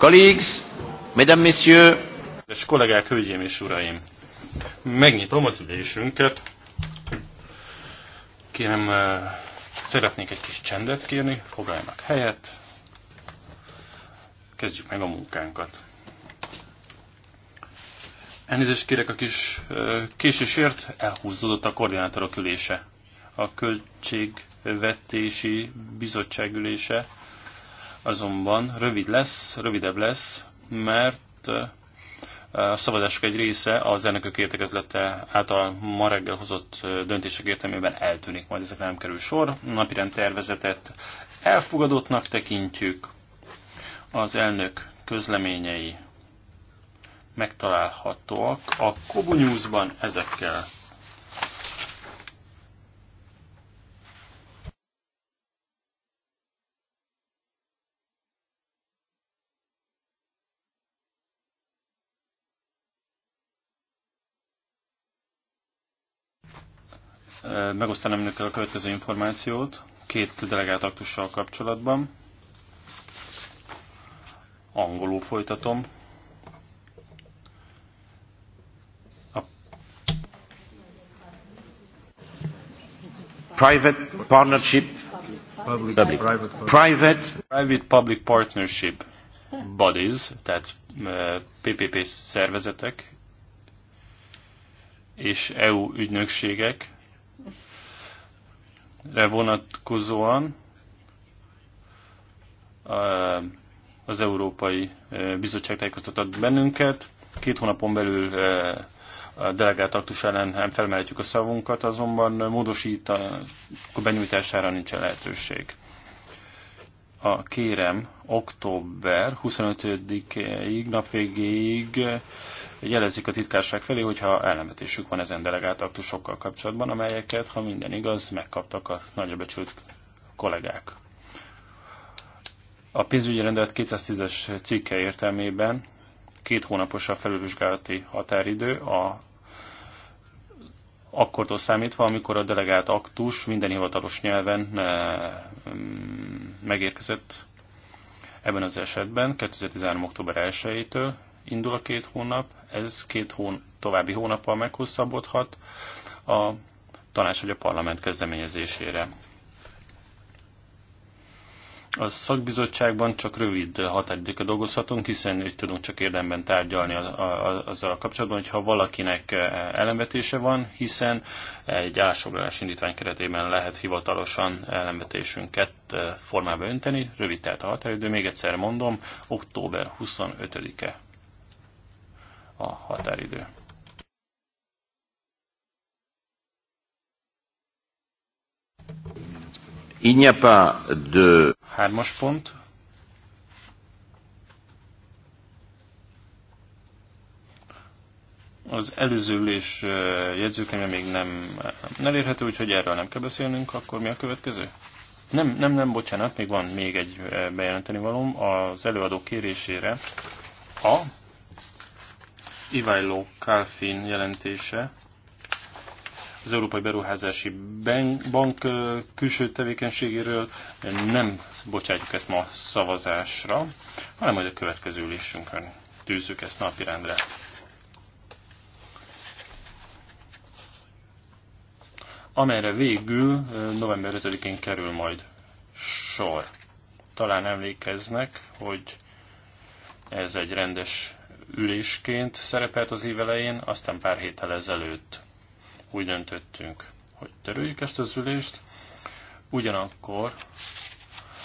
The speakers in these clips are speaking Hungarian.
Colleagues, mesdames, messieurs. És kollégák, hölgyeim és uraim, megnyitom az ülésünket. Kérem, eh, szeretnék egy kis csendet kérni, foglaljanak helyet. Kezdjük meg a munkánkat. Elnézést kérek a kis eh, késésért, elhúzódott a koordinátorok ülése. A költségvetési bizottság ülése azonban rövid lesz, rövidebb lesz, mert a szavazások egy része az elnökök értekezlete által ma reggel hozott döntések értelmében eltűnik, majd ezekre nem kerül sor. Napirend tervezetet elfogadottnak tekintjük. Az elnök közleményei megtalálhatóak a Kobu News-ban ezekkel Megosztanám önökkel a következő információt két delegált aktussal kapcsolatban. Angolul folytatom. A Private Partnership Public, public. Private, private, private Public Partnership Bodies, tehát PPP e, szervezetek és EU ügynökségek vonatkozóan az Európai Bizottság tájékoztatott bennünket. Két hónapon belül a delegált aktus ellen felmehetjük a szavunkat, azonban módosít a benyújtására nincsen lehetőség. A kérem október 25-ig napvégéig jelezik a titkárság felé, hogyha ellenvetésük van ezen delegált aktusokkal kapcsolatban, amelyeket, ha minden igaz, megkaptak a nagyra becsült kollégák. A pénzügyi rendelet 210-es cikke értelmében két hónapos a felülvizsgálati határidő, a akkortól számítva, amikor a delegált aktus minden hivatalos nyelven e, megérkezett ebben az esetben 2013. október 1-től indul a két hónap, ez két hón, további hónappal meghosszabbodhat a tanács vagy a parlament kezdeményezésére. A szakbizottságban csak rövid határidőkkel dolgozhatunk, hiszen úgy tudunk csak érdemben tárgyalni azzal kapcsolatban, hogyha valakinek e, ellenvetése van, hiszen egy állásfoglalás indítvány keretében lehet hivatalosan ellenvetésünket e, formába önteni. Rövid tehát a határidő, még egyszer mondom, október 25-e a határidő. Il n'y a pas de... Hármas pont. Az előző ülés jegyzőkönyve még nem elérhető, úgyhogy erről nem kell beszélnünk, akkor mi a következő? Nem, nem, nem, bocsánat, még van még egy bejelenteni valóm. Az előadó kérésére a Ivailo Kalfin jelentése, az Európai Beruházási Bank külső tevékenységéről nem bocsátjuk ezt ma szavazásra, hanem majd a következő ülésünkön tűzzük ezt napirendre. amelyre végül november 5-én kerül majd sor. Talán emlékeznek, hogy ez egy rendes ülésként szerepelt az évelején, aztán pár héttel ezelőtt úgy döntöttünk, hogy törüljük ezt az ülést. Ugyanakkor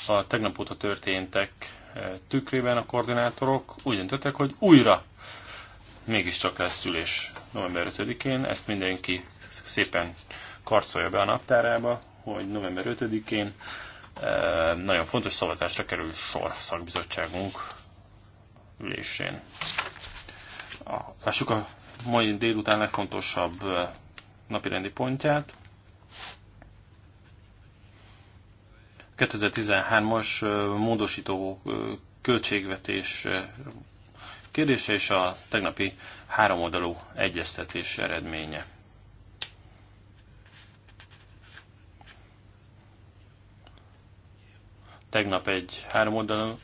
a tegnap óta történtek e, tükrében a koordinátorok úgy döntöttek, hogy újra mégiscsak lesz ülés november 5-én. Ezt mindenki szépen karcolja be a naptárába, hogy november 5-én e, nagyon fontos szavazásra kerül sor szakbizottságunk ülésén. Lássuk a mai délután legfontosabb napirendi pontját. 2013-as módosító költségvetés kérdése és a tegnapi háromoldalú egyeztetés eredménye. Tegnap egy háromoldalú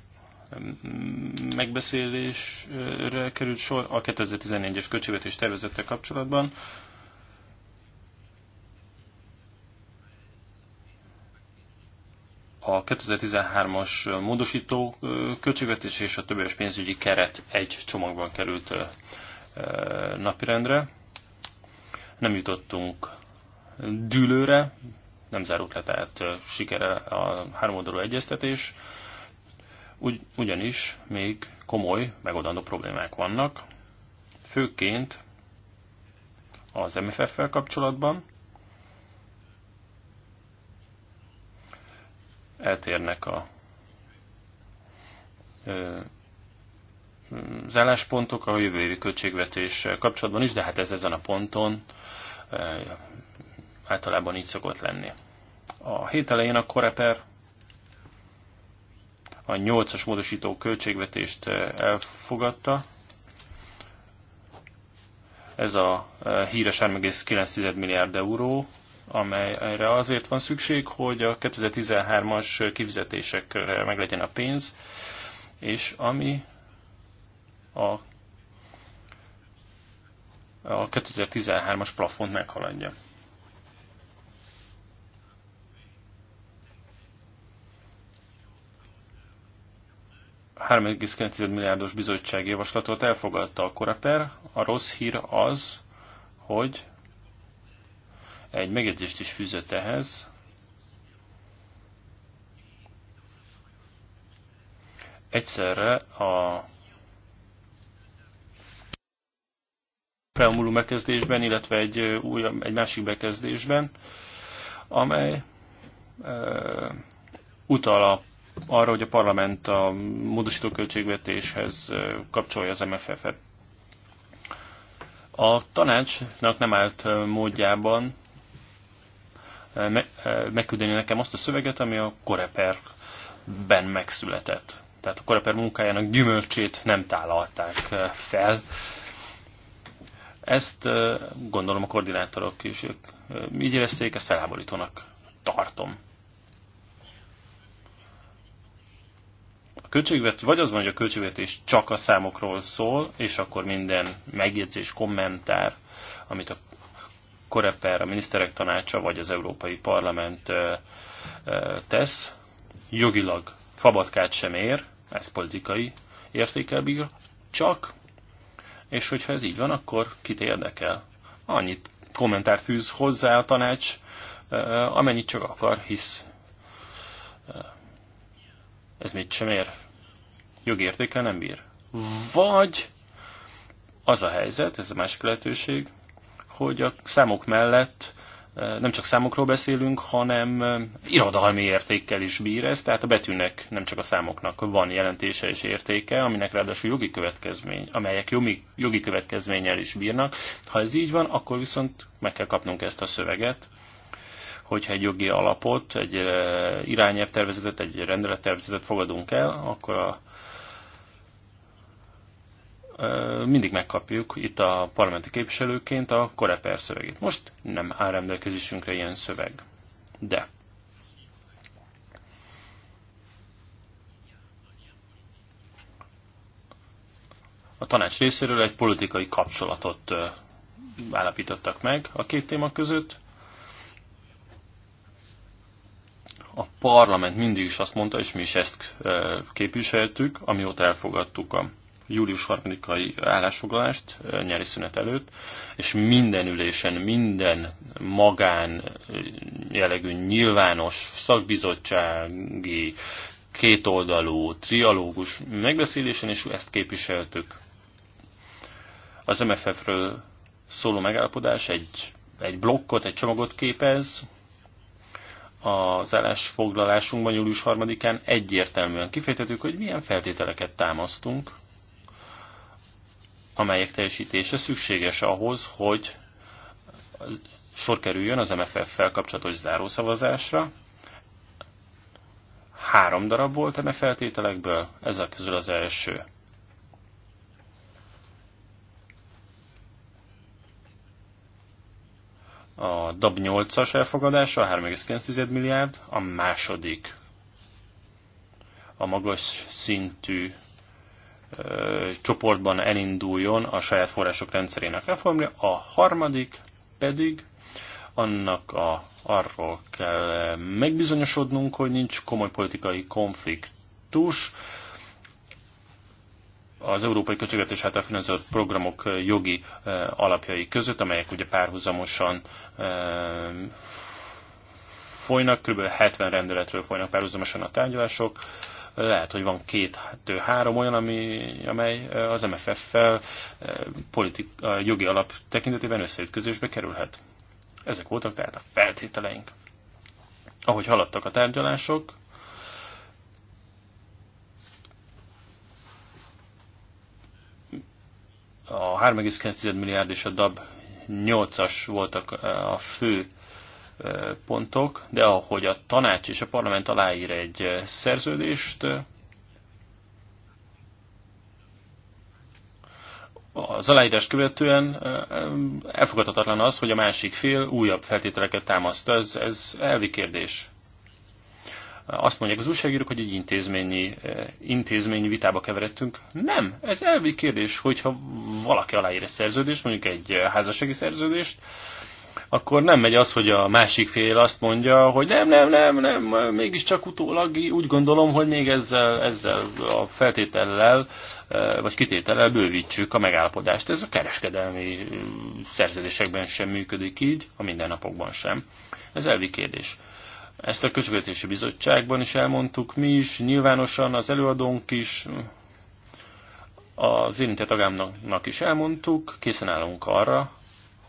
megbeszélésre került sor a 2014-es költségvetés tervezettel kapcsolatban. A 2013-as módosító költségvetés és a többes pénzügyi keret egy csomagban került napirendre. Nem jutottunk dűlőre, nem zárult le tehát sikere a háromoldalú egyeztetés. Ugy, ugyanis még komoly, megoldandó problémák vannak, főként az MFF-fel kapcsolatban. Eltérnek a az álláspontok a jövő évi költségvetés kapcsolatban is, de hát ez ezen a ponton általában így szokott lenni. A hét elején a Koreper a 8-as módosító költségvetést eh, elfogadta. Ez a eh, híres 3,9 milliárd euró, amelyre azért van szükség, hogy a 2013-as kifizetésekre meglegyen a pénz, és ami a a 2013-as plafont meghaladja. 3,9 milliárdos bizottsági javaslatot elfogadta a Koraper. A rossz hír az, hogy egy megjegyzést is fűzött ehhez. Egyszerre a preambulum bekezdésben, illetve egy, új, egy másik bekezdésben, amely e, utal a arra, hogy a parlament a módosító költségvetéshez kapcsolja az MFF-et. A tanácsnak nem állt módjában megküldeni nekem azt a szöveget, ami a Koreperben megszületett. Tehát a Koreper munkájának gyümölcsét nem tálalták fel. Ezt gondolom a koordinátorok is így érezték, ezt felháborítónak tartom. költségvet, vagy az van, hogy a költségvetés csak a számokról szól, és akkor minden megjegyzés, kommentár, amit a Koreper, a miniszterek tanácsa, vagy az Európai Parlament tesz, jogilag fabatkát sem ér, ez politikai értékel bír, csak, és hogyha ez így van, akkor kit érdekel? Annyit kommentár fűz hozzá a tanács, amennyit csak akar, hisz ez mit sem ér. Jogi értékkel nem bír. Vagy az a helyzet, ez a másik lehetőség, hogy a számok mellett eh, nem csak számokról beszélünk, hanem eh, irodalmi értékkel is bír ez, tehát a betűnek, nem csak a számoknak van jelentése és értéke, aminek ráadásul jogi következmény, amelyek jogi, jogi következménnyel is bírnak. Ha ez így van, akkor viszont meg kell kapnunk ezt a szöveget, hogyha egy jogi alapot, egy eh, irányelvtervezetet, egy rendelettervezetet fogadunk el, akkor a, eh, mindig megkapjuk itt a parlamenti képviselőként a koreper szövegét. Most nem áll rendelkezésünkre ilyen szöveg. De a tanács részéről egy politikai kapcsolatot eh, állapítottak meg a két téma között, a parlament mindig is azt mondta, és mi is ezt képviseltük, amióta elfogadtuk a július 3-ai állásfoglalást nyári szünet előtt, és minden ülésen, minden magán jellegű nyilvános szakbizottsági kétoldalú, trialógus megbeszélésen, és ezt képviseltük. Az MFF-ről szóló megállapodás egy, egy blokkot, egy csomagot képez, az foglalásunkban július 3-án egyértelműen kifejtettük, hogy milyen feltételeket támasztunk, amelyek teljesítése szükséges ahhoz, hogy sor kerüljön az MFF-fel kapcsolatos zárószavazásra. Három darab volt eme feltételekből, ezek közül az első a DAB 8-as elfogadása, 3,9 milliárd, a második a magas szintű ö, csoportban elinduljon a saját források rendszerének reformja, a harmadik pedig annak a, arról kell megbizonyosodnunk, hogy nincs komoly politikai konfliktus, az európai költségvetés által finanszírozott programok jogi alapjai között, amelyek ugye párhuzamosan folynak, kb. 70 rendeletről folynak párhuzamosan a tárgyalások. Lehet, hogy van két-három olyan, ami, amely az MFF-fel politik, jogi alap tekintetében összeütközésbe kerülhet. Ezek voltak tehát a feltételeink. Ahogy haladtak a tárgyalások, a 3,2 milliárd és a DAB 8-as voltak eh, a fő eh, pontok, de ahogy a tanács és a parlament aláír egy eh, szerződést, az aláírás követően elfogadhatatlan az, hogy a másik fél újabb feltételeket támaszt. Ez, ez elvi kérdés. Azt mondják az újságírók, hogy egy intézményi, eh, intézményi vitába keveredtünk. Nem, ez elvi kérdés, hogyha valaki aláír egy szerződést, mondjuk egy eh, házassági szerződést, akkor nem megy az, hogy a másik fél azt mondja, hogy nem, nem, nem, nem, mégiscsak utólag úgy gondolom, hogy még ezzel, ezzel a feltétellel, eh, vagy kitétellel bővítsük a megállapodást. Ez a kereskedelmi szerződésekben sem működik így, a mindennapokban sem. Ez elvi kérdés. Ezt a Közvetési Bizottságban is elmondtuk mi is, nyilvánosan az előadónk is, az érintett tagámnak is elmondtuk, készen állunk arra,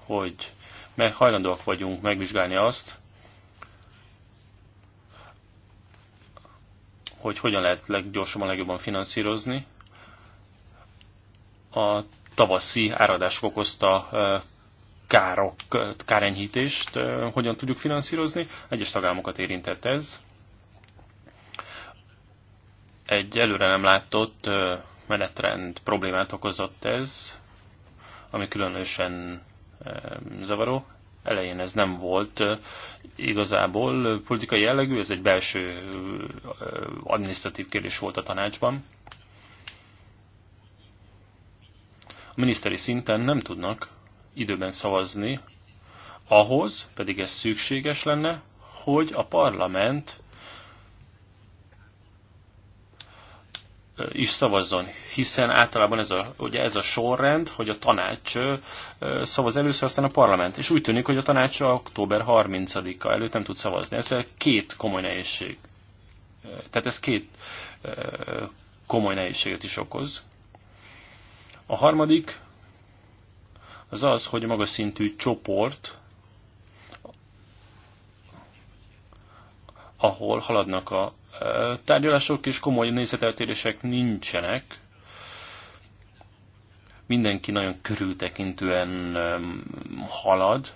hogy meg hajlandóak vagyunk megvizsgálni azt, hogy hogyan lehet leggyorsabban, legjobban finanszírozni a tavaszi áradások okozta károk, kárenyhítést hogyan tudjuk finanszírozni. Egyes tagállamokat érintett ez. Egy előre nem látott menetrend problémát okozott ez, ami különösen zavaró. Elején ez nem volt igazából politikai jellegű, ez egy belső administratív kérdés volt a tanácsban. A miniszteri szinten nem tudnak időben szavazni, ahhoz pedig ez szükséges lenne, hogy a parlament is szavazzon, hiszen általában ez a, ugye ez a sorrend, hogy a tanács szavaz először, aztán a parlament. És úgy tűnik, hogy a tanács a október 30-a előtt nem tud szavazni. Ez két komoly nehézség. Tehát ez két komoly nehézséget is okoz. A harmadik az az, hogy a magas szintű csoport, ahol haladnak a tárgyalások, és komoly nézeteltérések nincsenek. Mindenki nagyon körültekintően halad,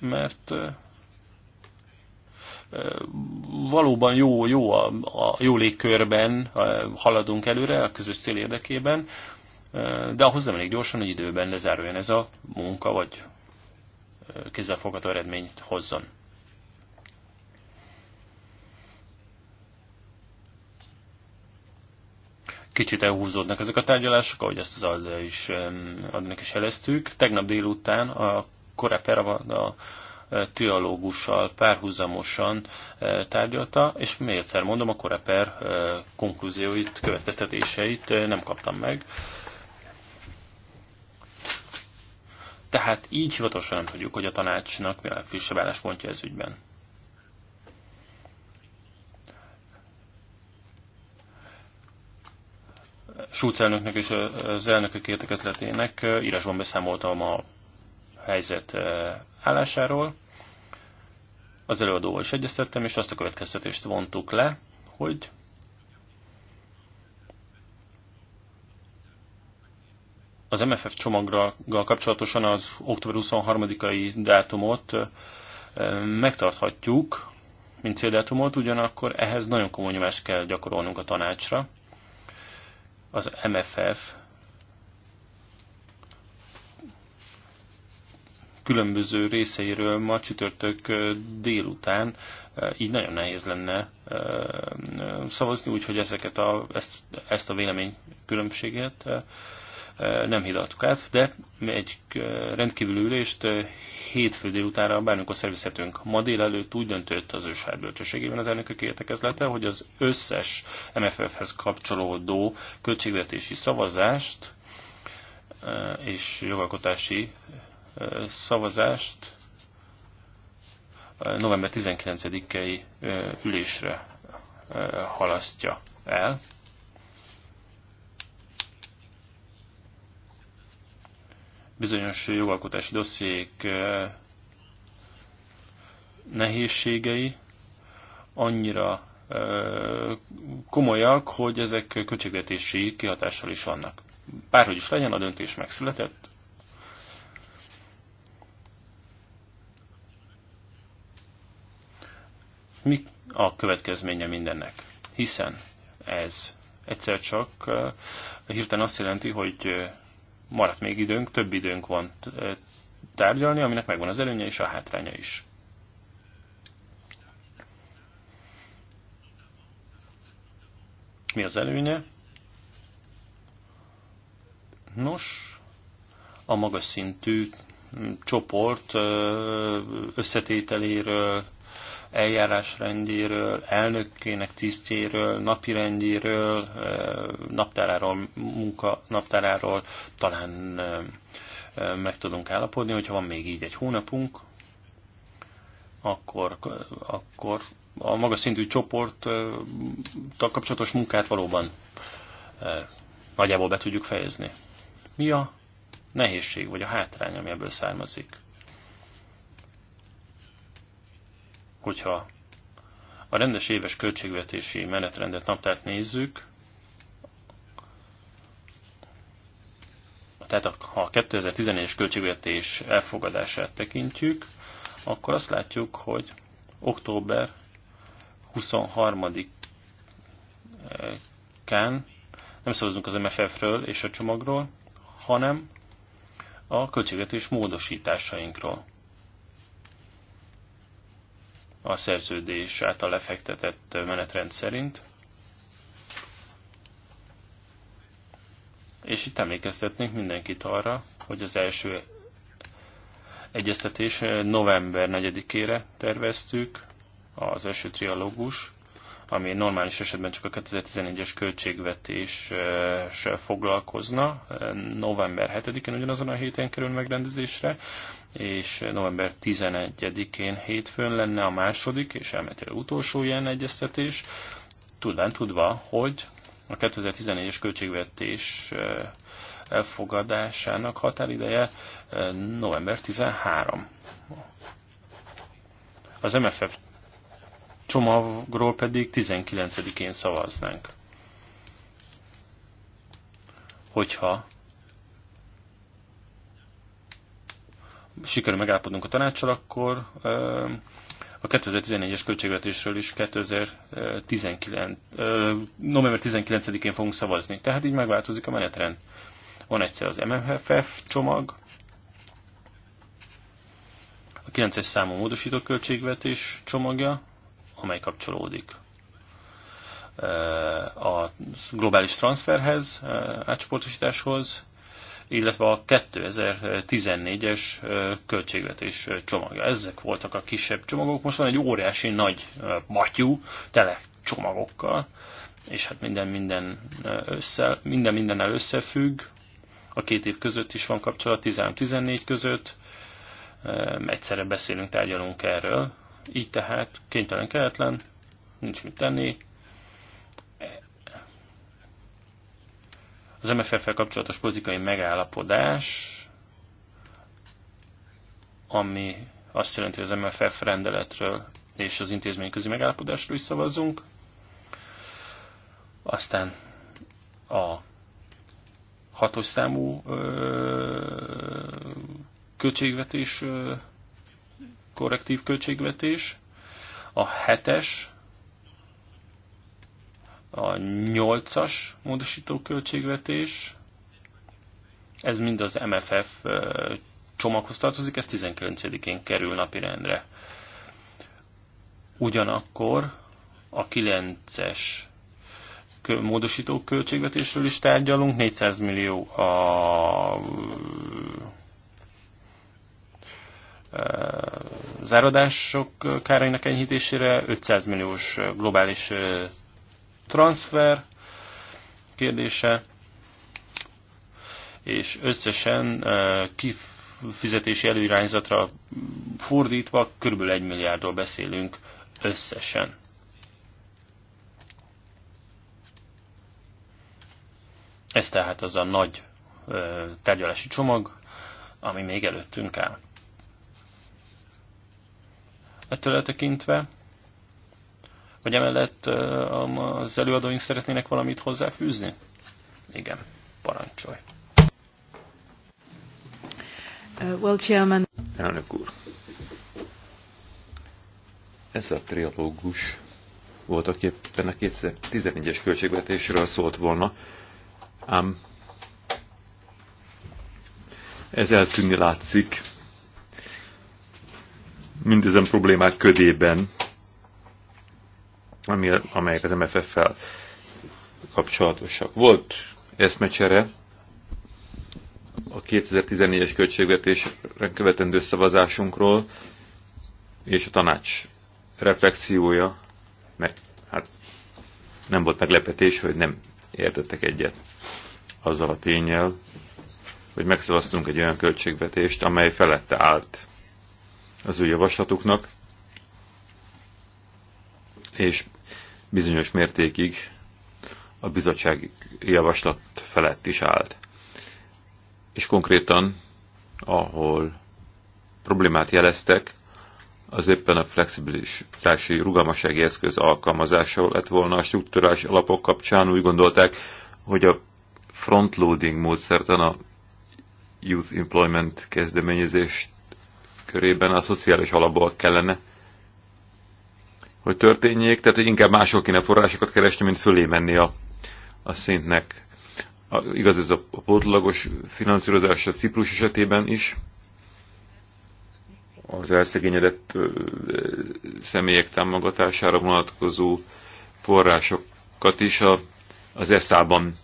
mert valóban jó, jó a, a jó légkörben haladunk előre a közös cél érdekében, de ahhoz nem elég gyorsan, hogy időben lezáruljon ez a munka, vagy kézzelfogható eredményt hozzon. Kicsit elhúzódnak ezek a tárgyalások, ahogy ezt az Alda is, adnak is jeleztük. Tegnap délután a Koreper a teológussal párhuzamosan e, tárgyalta, és még egyszer mondom, a Koreper e, konklúzióit, következtetéseit e, nem kaptam meg. Tehát így hivatalosan nem tudjuk, hogy a tanácsnak mi a legfrissebb álláspontja ez ügyben. Schulz elnöknek és az elnökök értekezletének írásban beszámoltam a helyzet állásáról. Az előadóval is egyeztettem, és azt a következtetést vontuk le, hogy az MFF csomaggal kapcsolatosan az október 23-ai dátumot megtarthatjuk, mint céldátumot, ugyanakkor ehhez nagyon komoly nyomást kell gyakorolnunk a tanácsra. Az MFF különböző részeiről ma csütörtök délután, így nagyon nehéz lenne szavazni, úgyhogy ezeket a, ezt, ezt a különbséget nem hidaltuk át, de egy rendkívül ülést hétfő délutánra a bármikor szervezhetünk. Ma délelőtt úgy döntött az ősár bölcsességében az elnökök értekezlete, hogy az összes MFF-hez kapcsolódó költségvetési szavazást és jogalkotási szavazást november 19-i ülésre halasztja el. bizonyos jogalkotási dossziék nehézségei annyira komolyak, hogy ezek költségvetési kihatással is vannak. Bárhogy is legyen, a döntés megszületett. Mi a következménye mindennek? Hiszen ez egyszer csak hirtelen azt jelenti, hogy maradt még időnk, több időnk van tárgyalni, aminek megvan az előnye és a hátránya is. Mi az előnye? Nos, a magas szintű mm, csoport összetételéről, eljárásrendjéről, elnökkének tisztjéről, rendjéről, eh, naptáráról, munka naptáráról talán eh, eh, meg tudunk állapodni, hogyha van még így egy hónapunk, akkor, akkor a magas szintű csoport kapcsolatos munkát valóban nagyjából be tudjuk fejezni. Mi a nehézség, vagy a hátrány, ami ebből származik? hogyha a rendes éves költségvetési menetrendet naptárt nézzük, tehát ha a 2014-es költségvetés elfogadását tekintjük, akkor azt látjuk, hogy október 23-án nem szavazunk az MFF-ről és a csomagról, hanem a költségvetés módosításainkról a szerződés által lefektetett menetrend szerint. És itt emlékeztetnénk mindenkit arra, hogy az első egyeztetés november 4-ére terveztük, az első trialógus, ami normális esetben csak a 2011-es költségvetéssel foglalkozna, november 7-én ugyanazon a héten kerül megrendezésre, és november 11-én hétfőn lenne a második és elméletileg utolsó ilyen egyeztetés, tudván tudva, hogy a 2014-es költségvetés eh, elfogadásának határideje eh, november 13. Az MFF csomagról pedig 19-én szavaznánk. Hogyha sikerül megállapodnunk a tanácsal, akkor a 2014-es költségvetésről is 2019, november 19-én fogunk szavazni. Tehát így megváltozik a menetrend. Van egyszer az MFF csomag, a 9-es számú módosított költségvetés csomagja, amely kapcsolódik eh, a globális transferhez, eh, átcsoportosításhoz, illetve a 2014-es eh, költségvetés csomagja. Ezek voltak a kisebb csomagok. Most van egy óriási nagy matyú, tele csomagokkal, és hát minden minden, össze, minden mindennel összefügg. A két év között is van kapcsolat, 13-14 között. Egyszerre beszélünk, tárgyalunk erről. Így tehát kénytelen keletlen, nincs mit tenni. Az MFF-fel kapcsolatos politikai megállapodás, ami azt jelenti, hogy az MFF rendeletről és az közi megállapodásról is szavazzunk. Aztán a hatos számú ö, költségvetés ö, korrektív költségvetés, a 7-es, a 8-as módosító költségvetés, ez mind az MFF csomaghoz tartozik, ez 19-én kerül napirendre. Ugyanakkor a 9-es módosító költségvetésről is tárgyalunk, 400 millió a záradások kárainak enyhítésére, 500 milliós globális transfer kérdése, és összesen kifizetési előirányzatra fordítva kb. 1 milliárdról beszélünk összesen. Ez tehát az a nagy tárgyalási csomag, ami még előttünk áll ettől eltekintve, vagy emellett az előadóink szeretnének valamit hozzáfűzni? Igen, parancsolj. Uh, well, Chairman. Elnök úr. Ez a trialógus voltak éppen a 2014-es költségvetésről szólt volna, ám ez eltűnni látszik mindezen problémák ködében, ami, amelyek az MFF-fel kapcsolatosak. Volt eszmecsere a 2014-es költségvetésre követendő szavazásunkról, és a tanács reflexiója, meg hát nem volt meglepetés, hogy nem értettek egyet azzal a tényel, hogy megszavaztunk egy olyan költségvetést, amely felette állt az ő javaslatuknak, és bizonyos mértékig a bizottság javaslat felett is állt. És konkrétan, ahol problémát jeleztek, az éppen a flexibilis flexibilitási rugalmasági eszköz alkalmazása lett volna a struktúrás alapok kapcsán. Úgy gondolták, hogy a frontloading módszertan a Youth Employment kezdeményezést körében a szociális alapból kellene, hogy történjék, tehát hogy inkább máshol kéne forrásokat keresni, mint fölé menni a, a szintnek. A, igaz ez a, a pótlagos finanszírozás a Ciprus esetében is, az elszegényedett személyek támogatására vonatkozó forrásokat is a, az ESZÁ-ban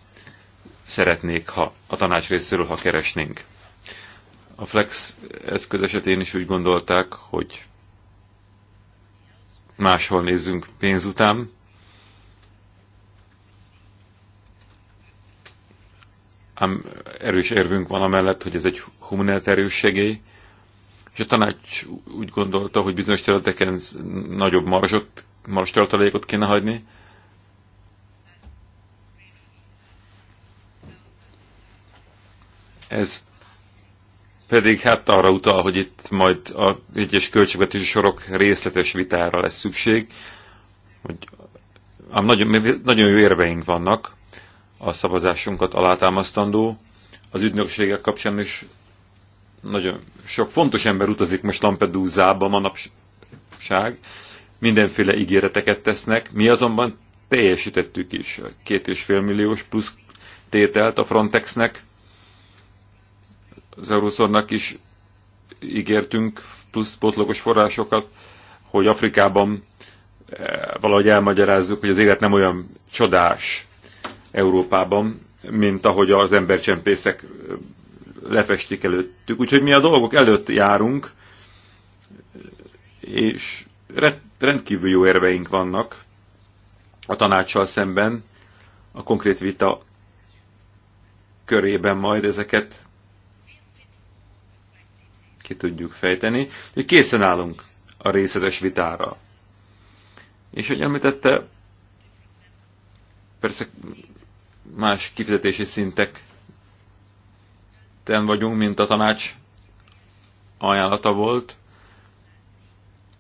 szeretnék, ha a tanács részéről, ha keresnénk. A flex eszköz esetén is úgy gondolták, hogy máshol nézzünk pénz után. Ám erős érvünk van amellett, hogy ez egy humanitárius segély, és a tanács úgy gondolta, hogy bizonyos területeken nagyobb marzsot, marzs tartalékot kéne hagyni, ez pedig hát arra utal, hogy itt majd a egyes költségvetési sorok részletes vitára lesz szükség, hogy a nagyon, nagyon jó érveink vannak a szavazásunkat alátámasztandó. Az ügynökségek kapcsán is nagyon sok fontos ember utazik most Lampedusa-ba manapság, mindenféle ígéreteket tesznek, mi azonban teljesítettük is a két és fél milliós plusz tételt a Frontexnek, az Euroszornak is ígértünk plusz potlogos forrásokat, hogy Afrikában eh, valahogy elmagyarázzuk, hogy az élet nem olyan csodás Európában, mint ahogy az embercsempészek eh, lefestik előttük. Úgyhogy mi a dolgok előtt járunk, és rendkívül jó érveink vannak a tanácssal szemben, a konkrét vita körében majd ezeket ki tudjuk fejteni, hogy készen állunk a részletes vitára. És hogy említette, persze más kifizetési szintek ten vagyunk, mint a tanács ajánlata volt.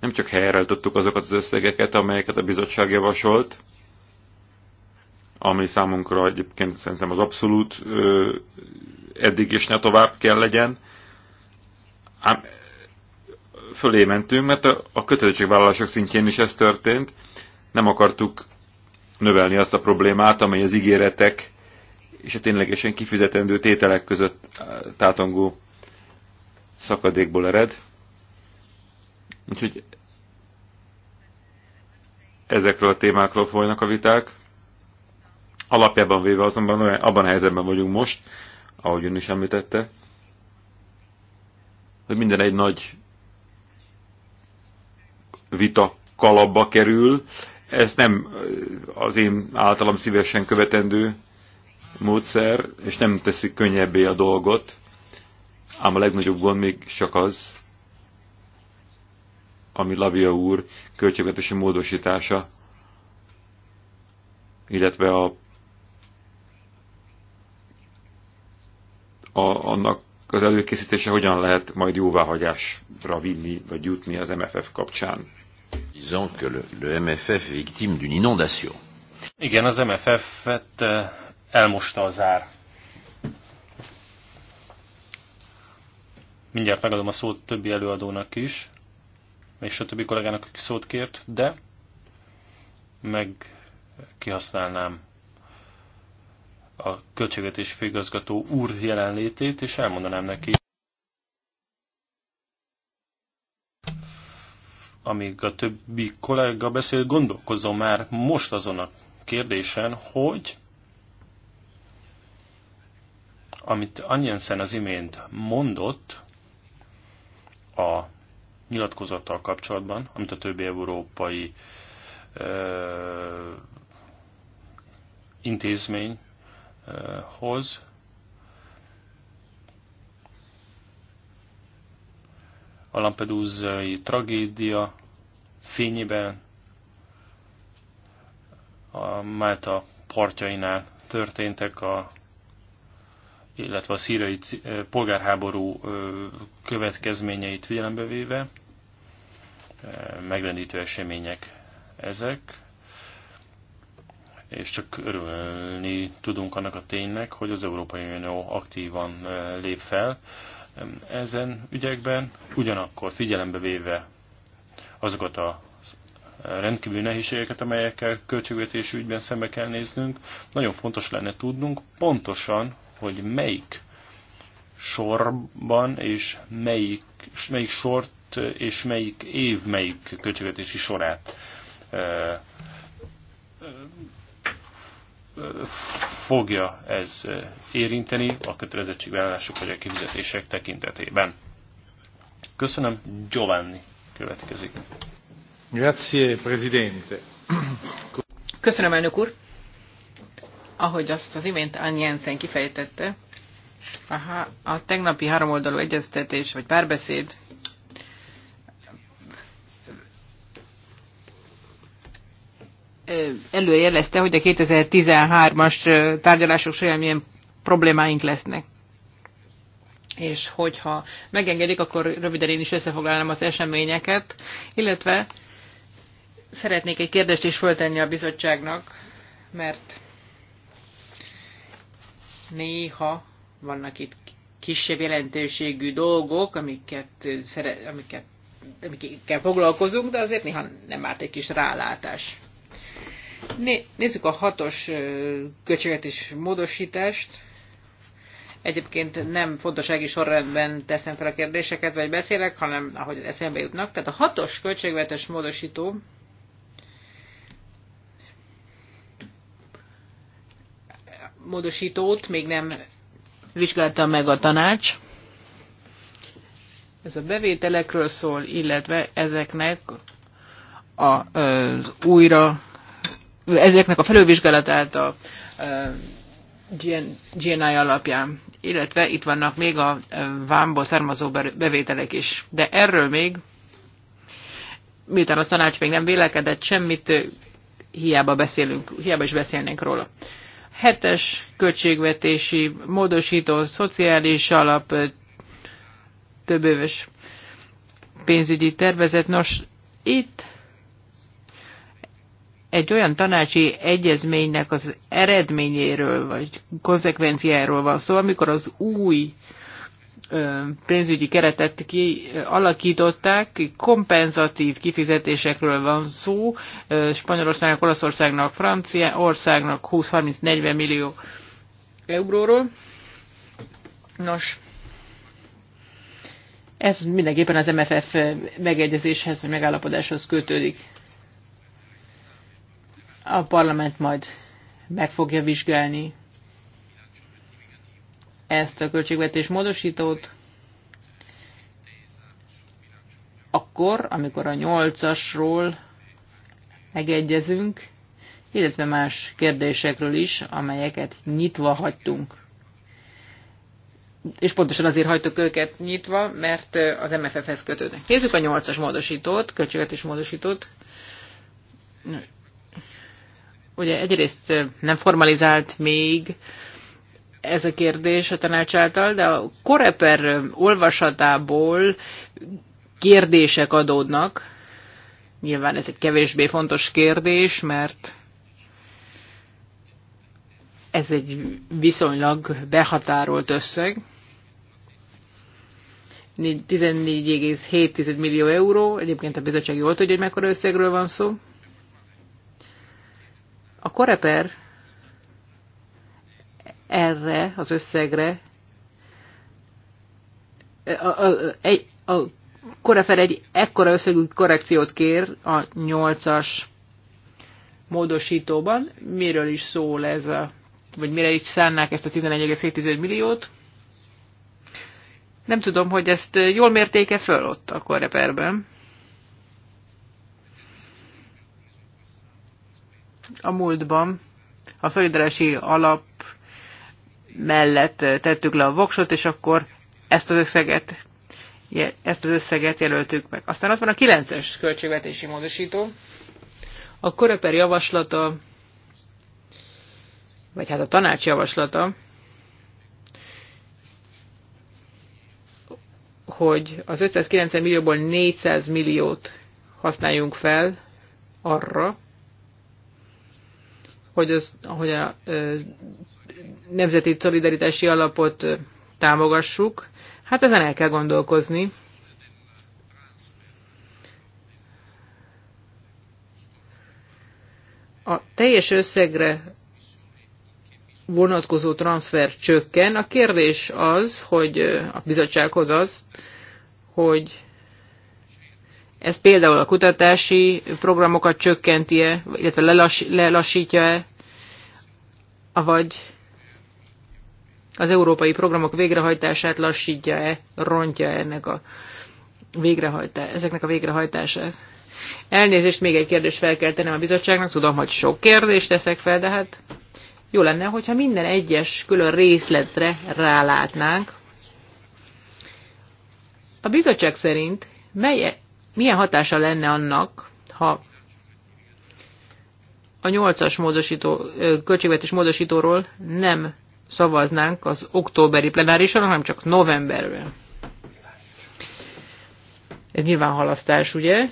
Nem csak helyre tudtuk azokat az összegeket, amelyeket a bizottság javasolt, ami számunkra egyébként szerintem az abszolút ö, eddig és ne tovább kell legyen, Ám fölé mentünk, mert a, a kötelezettségvállalások szintjén is ez történt. Nem akartuk növelni azt a problémát, amely az ígéretek és a ténylegesen kifizetendő tételek között tátongó szakadékból ered. Úgyhogy ezekről a témákról folynak a viták. Alapjában véve azonban abban a helyzetben vagyunk most, ahogy ön is említette, hogy minden egy nagy vita kalabba kerül. Ez nem az én általam szívesen követendő módszer, és nem teszi könnyebbé a dolgot, ám a legnagyobb gond még csak az, ami Lavia úr költségvetési módosítása, illetve a, a, annak az előkészítése hogyan lehet majd jóváhagyásra vinni, vagy jutni az MFF kapcsán. Disons que le, le MFF victime d'une inondation. Igen, az MFF-et eh, elmosta az ár. Mindjárt megadom a szót többi előadónak is, és a többi kollégának, aki szót kért, de meg kihasználnám a költségvetés főigazgató úr jelenlétét, és elmondanám neki, amíg a többi kollega beszél, gondolkozom már most azon a kérdésen, hogy amit Anjensen az imént mondott a nyilatkozattal kapcsolatban, amit a többi európai ö, intézmény hoz. A Lampedusai tragédia fényében a Málta partjainál történtek a illetve a szírai polgárháború következményeit figyelembe véve megrendítő események ezek és csak örülni tudunk annak a ténynek, hogy az Európai Unió aktívan e, lép fel ezen ügyekben, ugyanakkor figyelembe véve azokat a rendkívül nehézségeket, amelyekkel költségvetési ügyben szembe kell néznünk, nagyon fontos lenne tudnunk pontosan, hogy melyik sorban és melyik, melyik sort és melyik év melyik költségvetési sorát e, fogja ez érinteni a kötelezettségvállalások vagy a kifizetések tekintetében. Köszönöm, Giovanni következik. Grazie, Presidente. Köszönöm, elnök úr. Ahogy azt az imént Ann Jensen kifejtette, a, a tegnapi háromoldalú egyeztetés vagy párbeszéd előjelezte, hogy a 2013-as tárgyalások során milyen problémáink lesznek. És hogyha megengedik, akkor röviden én is összefoglalnám az eseményeket, illetve szeretnék egy kérdést is föltenni a bizottságnak, mert néha vannak itt kisebb jelentőségű dolgok, amiket, szere, amiket amikkel foglalkozunk, de azért néha nem árt egy kis rálátás. Nézzük a hatos költségvetés módosítást. Egyébként nem fontossági sorrendben teszem fel a kérdéseket, vagy beszélek, hanem ahogy eszembe jutnak. Tehát a hatos költségvetés módosító módosítót még nem vizsgálta meg a tanács. Ez a bevételekről szól, illetve ezeknek az újra ezeknek a felővizsgálatát a eh, GNI alapján. Illetve itt vannak még a eh, vámból származó bevételek is. De erről még, miután a tanács még nem vélekedett semmit, eh, hiába, beszélünk, hiába is beszélnénk róla. Hetes költségvetési módosító, szociális alap, többéves pénzügyi tervezet. Nos, itt egy olyan tanácsi egyezménynek az eredményéről, vagy konzekvenciáról van szó, amikor az új pénzügyi keretet kialakították, kompenzatív kifizetésekről van szó, Spanyolországnak, Olaszországnak, Franciaországnak 20-30-40 millió euróról. Nos, ez mindenképpen az MFF megegyezéshez vagy megállapodáshoz kötődik. A parlament majd meg fogja vizsgálni ezt a költségvetés módosítót, akkor, amikor a nyolcasról megegyezünk, illetve más kérdésekről is, amelyeket nyitva hagytunk. És pontosan azért hagytuk őket nyitva, mert az MFF-hez kötődnek. Nézzük a nyolcas módosítót, költségvetés módosítót. Ugye egyrészt nem formalizált még ez a kérdés a tanács által, de a koreper olvasatából kérdések adódnak. Nyilván ez egy kevésbé fontos kérdés, mert ez egy viszonylag behatárolt összeg. 14,7 millió euró, egyébként a bizottság jól tudja, hogy mekkora összegről van szó. A koreper erre az összegre a, a, egy, a korefer egy ekkora összegű korrekciót kér a 8-as módosítóban. Miről is szól ez a, vagy mire is szánnák ezt a 11,7 milliót? Nem tudom, hogy ezt jól mértéke föl ott a koreperben. a múltban a szolidarási alap mellett eh, tettük le a voksot, és akkor ezt az összeget ezt az összeget jelöltük meg. Aztán ott van a 9-es költségvetési módosító. A Koreper javaslata, vagy hát a tanács javaslata, hogy az 590 millióból 400 milliót használjunk fel arra, hogy, az, hogy a nemzeti szolidaritási alapot támogassuk. Hát ezen el kell gondolkozni. A teljes összegre vonatkozó transfer csökken. A kérdés az, hogy a bizottsághoz az, hogy ez például a kutatási programokat csökkenti-e, illetve lelass, lelassítja-e, vagy az európai programok végrehajtását lassítja-e, rontja -e ennek a végrehajtá, ezeknek a végrehajtását. Elnézést, még egy kérdést fel kell tennem a bizottságnak, tudom, hogy sok kérdést teszek fel, de hát jó lenne, hogyha minden egyes külön részletre rálátnánk. A bizottság szerint melyek milyen hatása lenne annak, ha a 8-as módosító, költségvetés módosítóról nem szavaznánk az októberi plenárison, hanem csak novemberben. Ez nyilván halasztás, ugye?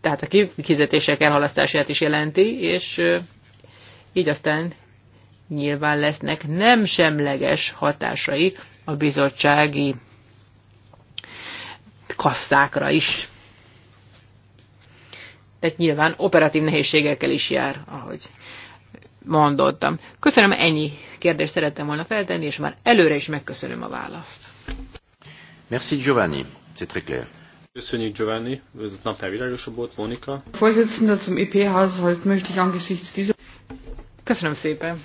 Tehát a kifizetések elhalasztását is jelenti, és így aztán nyilván lesznek nem semleges hatásai a bizottsági kasszákra is. Tehát nyilván operatív nehézségekkel is jár, ahogy mondottam. Köszönöm, ennyi kérdést szerettem volna feltenni, és már előre is megköszönöm a választ. Merci Giovanni, c'est très clair. Köszönjük Giovanni, ez a napnál világosabb volt, Monika. Vorsitzender zum EP-Haushalt möchte ich angesichts dieser... Köszönöm szépen.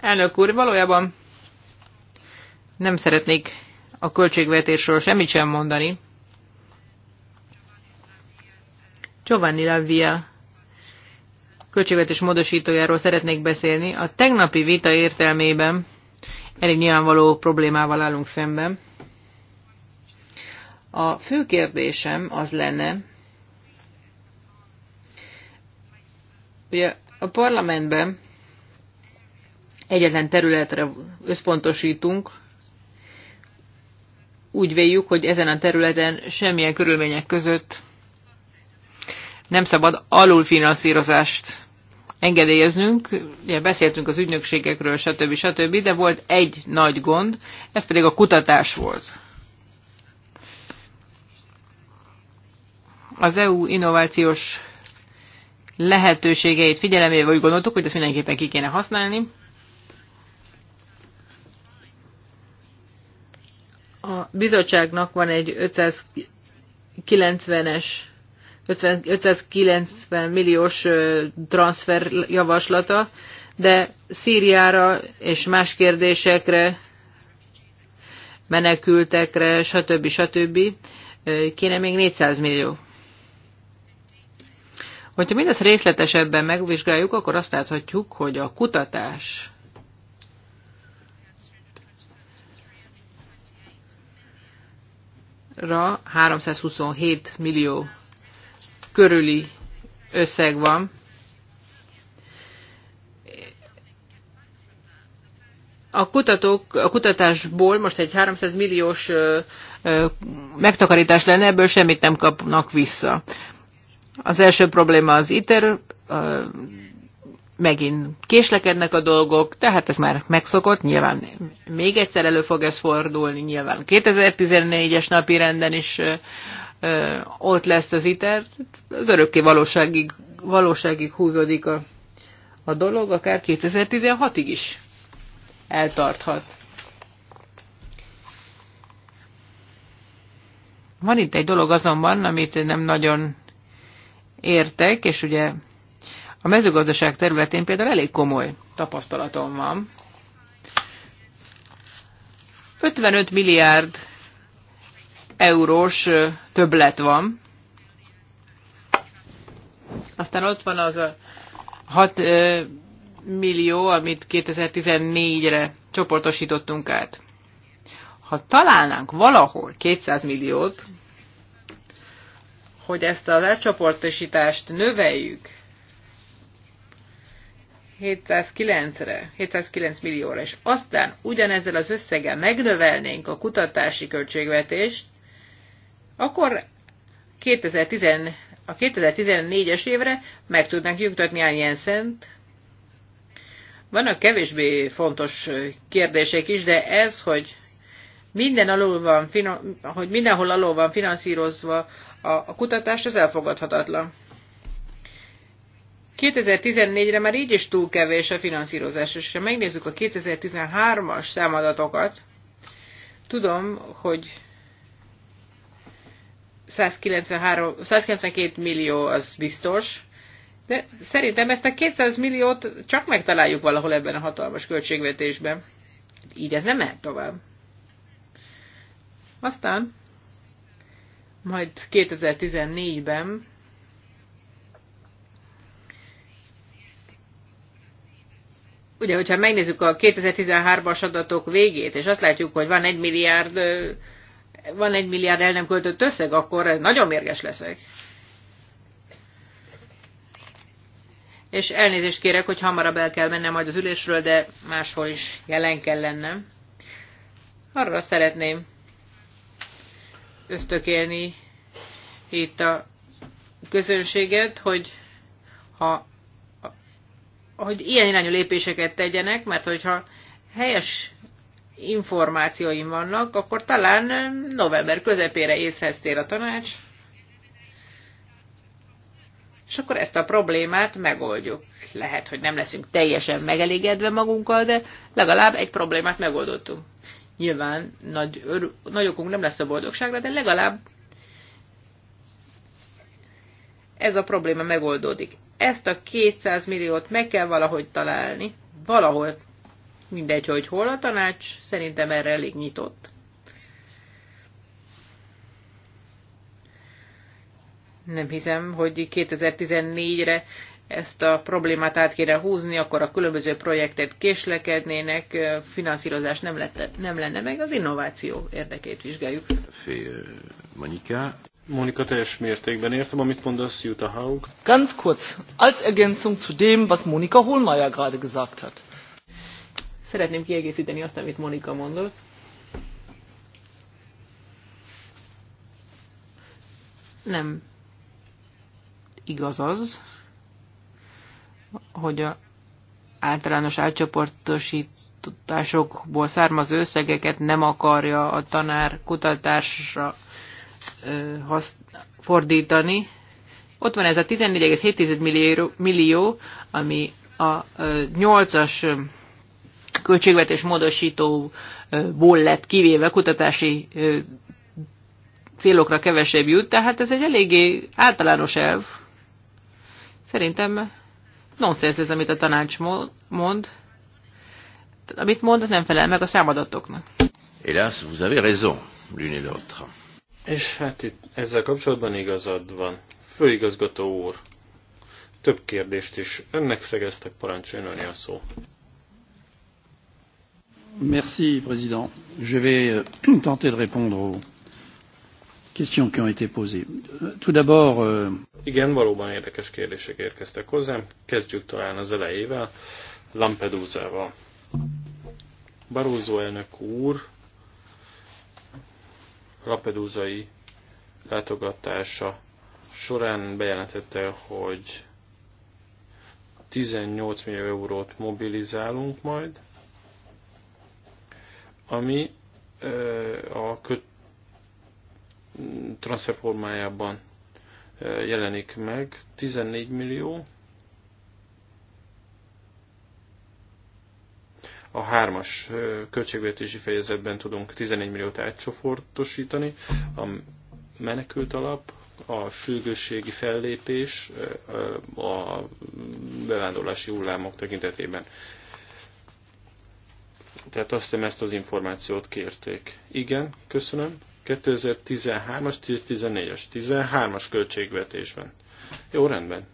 Elnök úr, valójában nem szeretnék a költségvetésről semmit sem mondani. Giovanni Lavia költségvetés módosítójáról szeretnék beszélni. A tegnapi vita értelmében elég nyilvánvaló problémával állunk szemben. A fő kérdésem az lenne, ugye a parlamentben egyetlen területre összpontosítunk, úgy véljük, hogy ezen a területen semmilyen körülmények között nem szabad alulfinanszírozást engedélyeznünk. Ugye beszéltünk az ügynökségekről, stb. stb., de volt egy nagy gond, ez pedig a kutatás volt. Az EU innovációs lehetőségeit figyelembe úgy gondoltuk, hogy ezt mindenképpen ki kéne használni. A bizottságnak van egy 590-es 590 milliós transfer javaslata, de Szíriára és más kérdésekre, menekültekre, stb. stb. kéne még 400 millió. Hogyha mindezt részletesebben megvizsgáljuk, akkor azt láthatjuk, hogy a kutatás ra 327 millió körüli összeg van. A, kutatók, a kutatásból most egy 300 milliós ö, ö, megtakarítás lenne, ebből semmit nem kapnak vissza. Az első probléma az ITER, megint késlekednek a dolgok, tehát ez már megszokott, nyilván még egyszer elő fog ez fordulni, nyilván 2014-es napi renden is ö, ott lesz az ITER, az örökké valóságig, valóságig húzódik a, a dolog, akár 2016-ig is eltarthat. Van itt egy dolog azonban, amit nem nagyon értek, és ugye a mezőgazdaság területén például elég komoly tapasztalatom van. 55 milliárd eurós többlet van. Aztán ott van az a 6 millió, amit 2014-re csoportosítottunk át. Ha találnánk valahol 200 milliót, hogy ezt az elcsoportosítást növeljük, 709-re, 709 millióra, és aztán ugyanezzel az összeggel megnövelnénk a kutatási költségvetést, akkor 2010, a 2014-es évre meg tudnánk juttatni ilyen szent. Vannak kevésbé fontos kérdések is, de ez, hogy minden alul van, hogy mindenhol alul van finanszírozva a, a kutatás, ez elfogadhatatlan. 2014-re már így is túl kevés a finanszírozás, és ha megnézzük a 2013-as számadatokat, tudom, hogy 193, 192 millió az biztos, de szerintem ezt a 200 milliót csak megtaláljuk valahol ebben a hatalmas költségvetésben. Így ez nem mehet tovább. Aztán majd 2014-ben ugye, hogyha megnézzük a 2013-as adatok végét, és azt látjuk, hogy van egy milliárd, van egy milliárd el nem költött összeg, akkor nagyon mérges leszek. És elnézést kérek, hogy hamarabb el kell mennem majd az ülésről, de máshol is jelen kell lennem. Arra szeretném ösztökélni itt a közönséget, hogy ha hogy ilyen irányú lépéseket tegyenek, mert hogyha helyes információim vannak, akkor talán november közepére észhez tér a tanács, és akkor ezt a problémát megoldjuk. Lehet, hogy nem leszünk teljesen megelégedve magunkkal, de legalább egy problémát megoldottunk. Nyilván nagy, ör, nagy okunk nem lesz a boldogságra, de legalább ez a probléma megoldódik. Ezt a 200 milliót meg kell valahogy találni, valahol. Mindegy, hogy hol a tanács, szerintem erre elég nyitott. Nem hiszem, hogy 2014-re ezt a problémát át kéne húzni, akkor a különböző projektek késlekednének, finanszírozás nem, lett, nem lenne meg, az innováció érdekét vizsgáljuk. Fé, Monika. Monika, teljes mértékben értem, amit mondasz, Jutta Haug. Ganz kurz, als Ergänzung zu dem, was Monika Hohlmeier gerade gesagt hat. Szeretném kiegészíteni azt, amit Monika mondott. Nem igaz az, hogy a általános átcsoportosításokból származó összegeket nem akarja a tanár kutatásra fordítani. Ott van ez a 14,7 millió, ami a 8-as költségvetés módosítóból lett kivéve kutatási célokra kevesebb jut, tehát ez egy eléggé általános elv. Szerintem nonsens ez, amit a tanács mond. Amit mond, az nem felel meg a számadatoknak. Hélas, vous avez raison, l'une et l'autre. És hát itt ezzel kapcsolatban igazad van. Főigazgató úr, több kérdést is önnek szegeztek, parancsoljon a szó. Merci, Président. Je vais euh, tenter de répondre aux questions qui ont été posées. Tout d'abord... Euh, Igen, valóban érdekes kérdések érkeztek hozzám. Kezdjük talán az elejével, Lampedusa-val. Barózó elnök úr Lapedúzai látogatása során bejelentette, hogy 18 millió eurót mobilizálunk majd, ami a köt transferformájában jelenik meg, 14 millió, a hármas költségvetési fejezetben tudunk 11 milliót átcsoportosítani, a menekült alap, a sürgősségi fellépés a bevándorlási hullámok tekintetében. Tehát azt hiszem ezt az információt kérték. Igen, köszönöm. 2013-as, 14-es, 13-as költségvetésben. Jó, rendben.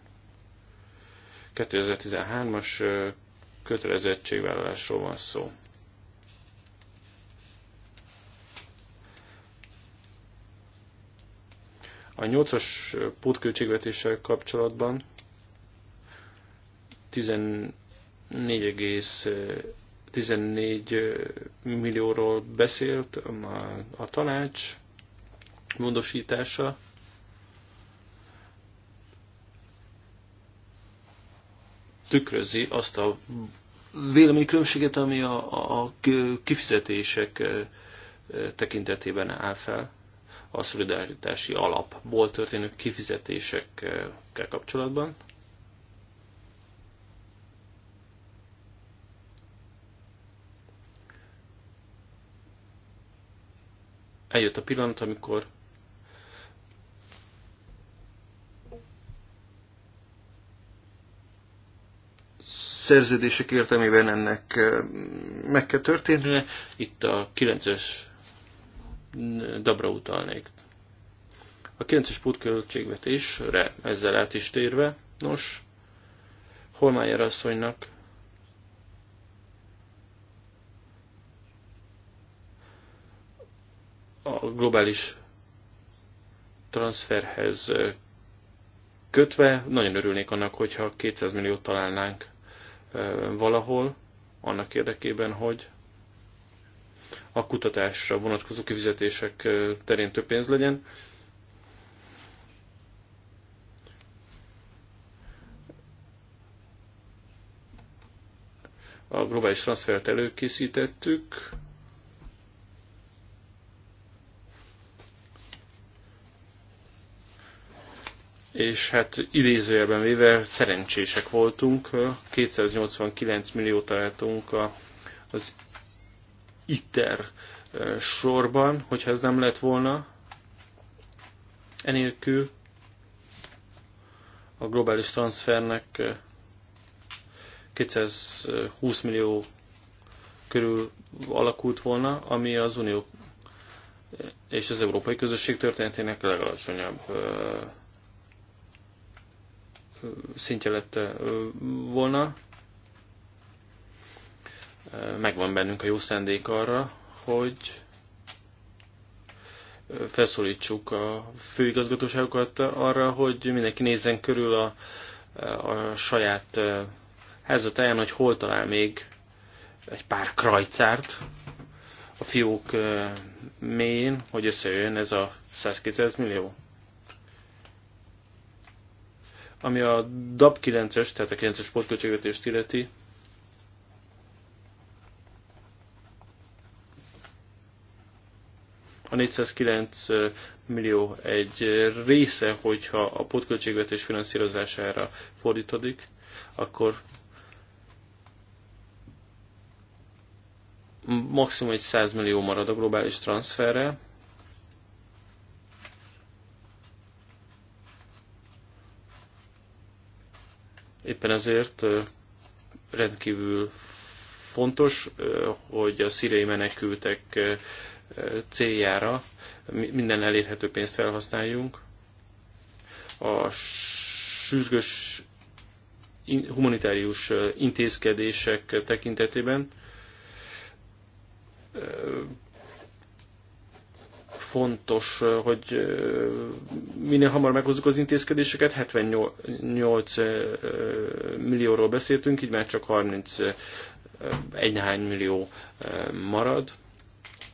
2013-as kötelezettségvállalásról van szó. A 8-as pótköltségvetéssel kapcsolatban 14, 14 millióról beszélt a tanács módosítása, tükrözi azt a véleménykülönbséget, ami a, a kifizetések tekintetében áll fel a szolidaritási alapból történő kifizetésekkel kapcsolatban. Eljött a pillanat, amikor szerződések értelmében ennek eh, meg kell történnie. Itt a 9-es dabra utalnék. A 9-es pótköltségvetésre ezzel át is térve, nos, Holmájer asszonynak a globális transferhez eh, kötve nagyon örülnék annak, hogyha 200 milliót találnánk valahol, annak érdekében, hogy a kutatásra vonatkozó kifizetések terén több pénz legyen. A globális transfert előkészítettük, és hát idézőjelben véve szerencsések voltunk, 289 milliót találtunk az ITER sorban, hogyha ez nem lett volna, enélkül a globális transfernek 220 millió körül alakult volna, ami az Unió és az Európai Közösség történetének legalacsonyabb szintje lett volna. Megvan bennünk a jó szándék arra, hogy felszólítsuk a főigazgatóságokat arra, hogy mindenki nézzen körül a, a saját házatáján, hogy hol talál még egy pár krajcárt a fiók mélyén, hogy összejön ez a 100 millió. Ami a DAP 9-es, tehát a 9-es sportköltségvetést illeti, a 409 millió egy része, hogyha a pótköltségvetés finanszírozására fordítodik, akkor maximum egy 100 millió marad a globális transferre, Éppen ezért rendkívül fontos, hogy a szíriai menekültek céljára minden elérhető pénzt felhasználjunk. A sürgős humanitárius intézkedések tekintetében fontos, hogy minél hamar meghozzuk az intézkedéseket. 78 millióról beszéltünk, így már csak 30 egyhány millió marad.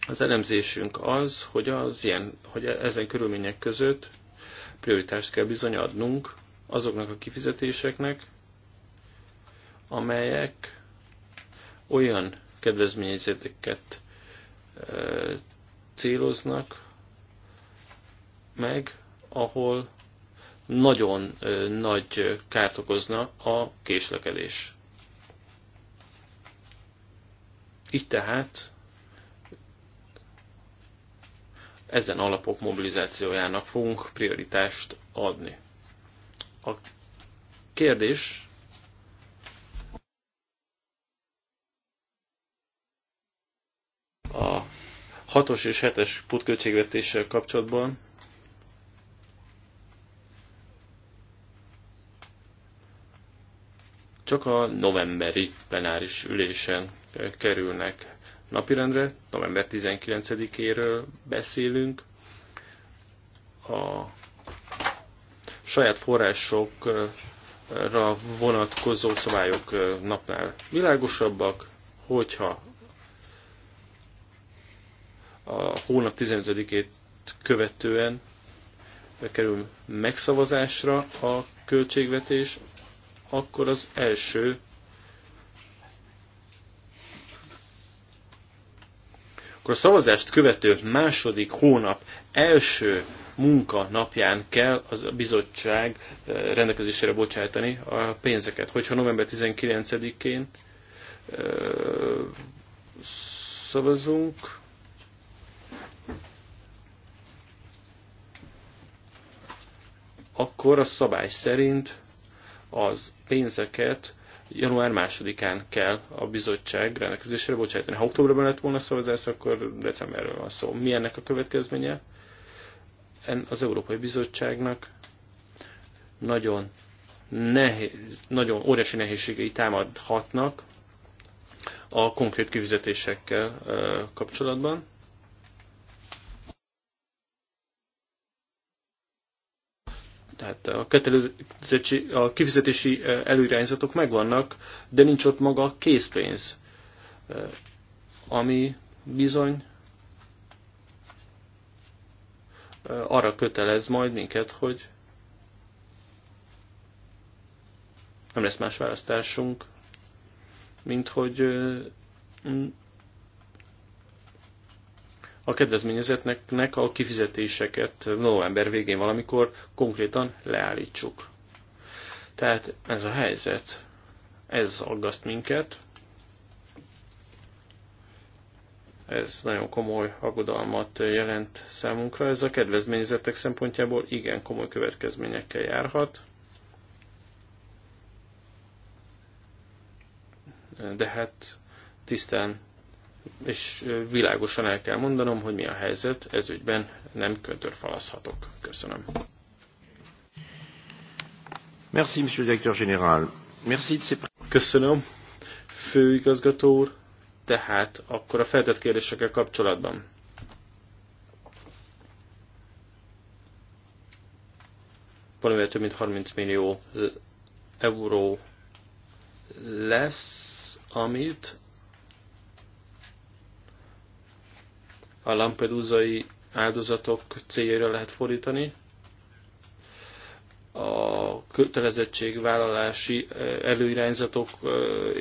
Az elemzésünk az, hogy, az ilyen, hogy ezen körülmények között prioritást kell bizony adnunk azoknak a kifizetéseknek, amelyek olyan kedvezményezeteket céloznak, meg, ahol nagyon nagy kárt okozna a késlekedés. Így tehát ezen alapok mobilizációjának fogunk prioritást adni. A kérdés a 6-os és 7-es putköltségvetéssel kapcsolatban csak a novemberi plenáris ülésen eh, kerülnek napirendre. November 19-éről beszélünk. A saját forrásokra vonatkozó szabályok eh, napnál világosabbak, hogyha a hónap 15-ét követően kerül megszavazásra a költségvetés, akkor az első akkor a szavazást követő második hónap első munka napján kell az a bizottság eh, rendelkezésére bocsájtani a pénzeket. Hogyha november 19-én eh, szavazunk, akkor a szabály szerint az pénzeket január másodikán kell a bizottság rendelkezésre bocsájtani. Ha októberben lett volna szavazás, akkor decemberről van szó. Mi ennek a következménye? Az Európai Bizottságnak nagyon nehéz, nagyon óriási nehézségei támadhatnak a konkrét kifizetésekkel kapcsolatban. Tehát a, a kifizetési eh, előirányzatok megvannak, de nincs ott maga a készpénz, eh, ami bizony eh, arra kötelez majd minket, hogy nem lesz más választásunk, mint hogy a kedvezményezetnek a kifizetéseket november végén valamikor konkrétan leállítsuk. Tehát ez a helyzet, ez aggaszt minket, ez nagyon komoly aggodalmat jelent számunkra. Ez a kedvezményezettek szempontjából igen komoly következményekkel járhat. De hát tisztán és világosan el kell mondanom, hogy mi a helyzet, ez ügyben nem köntörfalazhatok. Köszönöm. Merci, Monsieur le Directeur Général. Merci de Köszönöm, főigazgató úr. Tehát akkor a feltett kérdésekkel kapcsolatban. valamivel több mint 30 millió euró lesz, amit a lampedúzai áldozatok céljaira lehet fordítani. A kötelezettségvállalási eh, előirányzatok eh,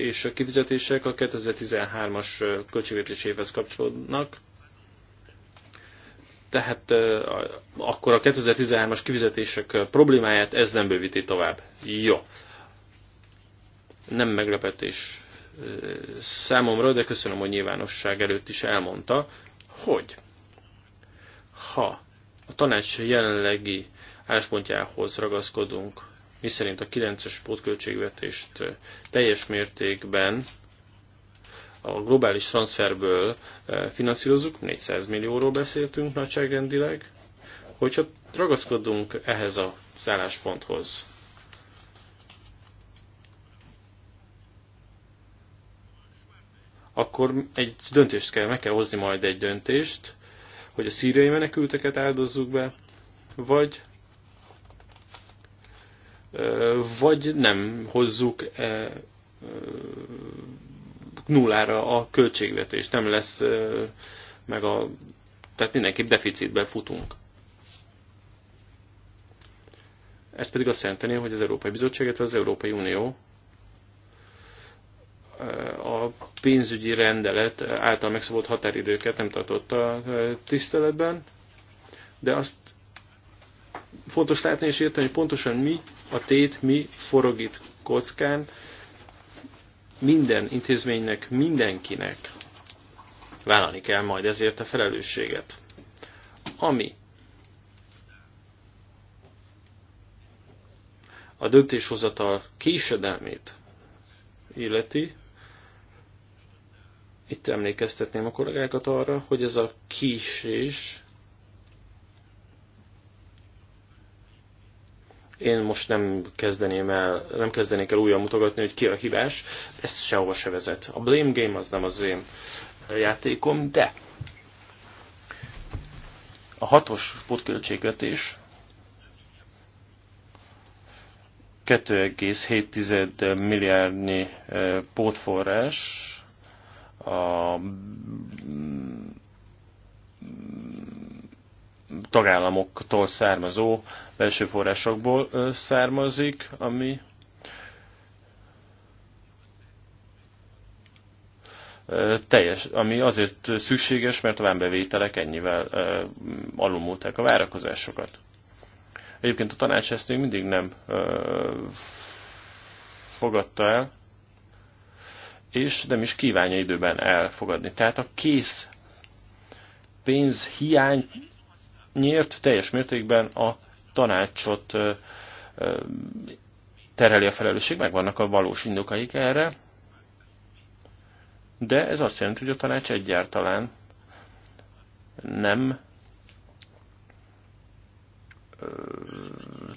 és a kifizetések a 2013-as eh, költségvetés évhez kapcsolódnak. Tehát akkor a 2013-as kifizetések problémáját ez nem bővíti tovább. Jó. Nem meglepetés számomra, de köszönöm, hogy nyilvánosság előtt is elmondta, hogy ha a tanács jelenlegi álláspontjához ragaszkodunk, miszerint a 9-es pótköltségvetést eh, teljes mértékben a globális transferből eh, finanszírozunk 400 millióról beszéltünk nagyságrendileg, hogyha ragaszkodunk ehhez a szállásponthoz, akkor egy döntést kell, meg kell hozni majd egy döntést, hogy a szíriai menekülteket áldozzuk be, vagy vagy nem hozzuk nullára a költségvetést, nem lesz meg a... Tehát mindenképp deficitbe futunk. Ez pedig azt jelenteni, hogy az Európai Bizottság, illetve az Európai Unió a pénzügyi rendelet által megszabott határidőket nem tartotta tiszteletben, de azt fontos látni és érteni, hogy pontosan mi a tét, mi forog itt kockán, minden intézménynek, mindenkinek vállalni kell majd ezért a felelősséget. Ami a döntéshozatal késedelmét illeti, itt emlékeztetném a kollégákat arra, hogy ez a kísés, én most nem kezdeném el, nem kezdenék el újra mutogatni, hogy ki a hibás, ez sehova se vezet. A blame game az nem az én játékom, de a hatos pótköltségvetés 2,7 milliárdnyi eh, pótforrás a tagállamoktól származó belső forrásokból származik, ami teljes, ami azért szükséges, mert a vámbevételek ennyivel alulmúlták a várakozásokat. Egyébként a tanács ezt még mindig nem fogadta el, és nem is kívánja időben elfogadni. Tehát a kész pénz hiány nyért teljes mértékben a tanácsot tereli a felelősség, meg vannak a valós indokaik erre, de ez azt jelenti, hogy a tanács egyáltalán nem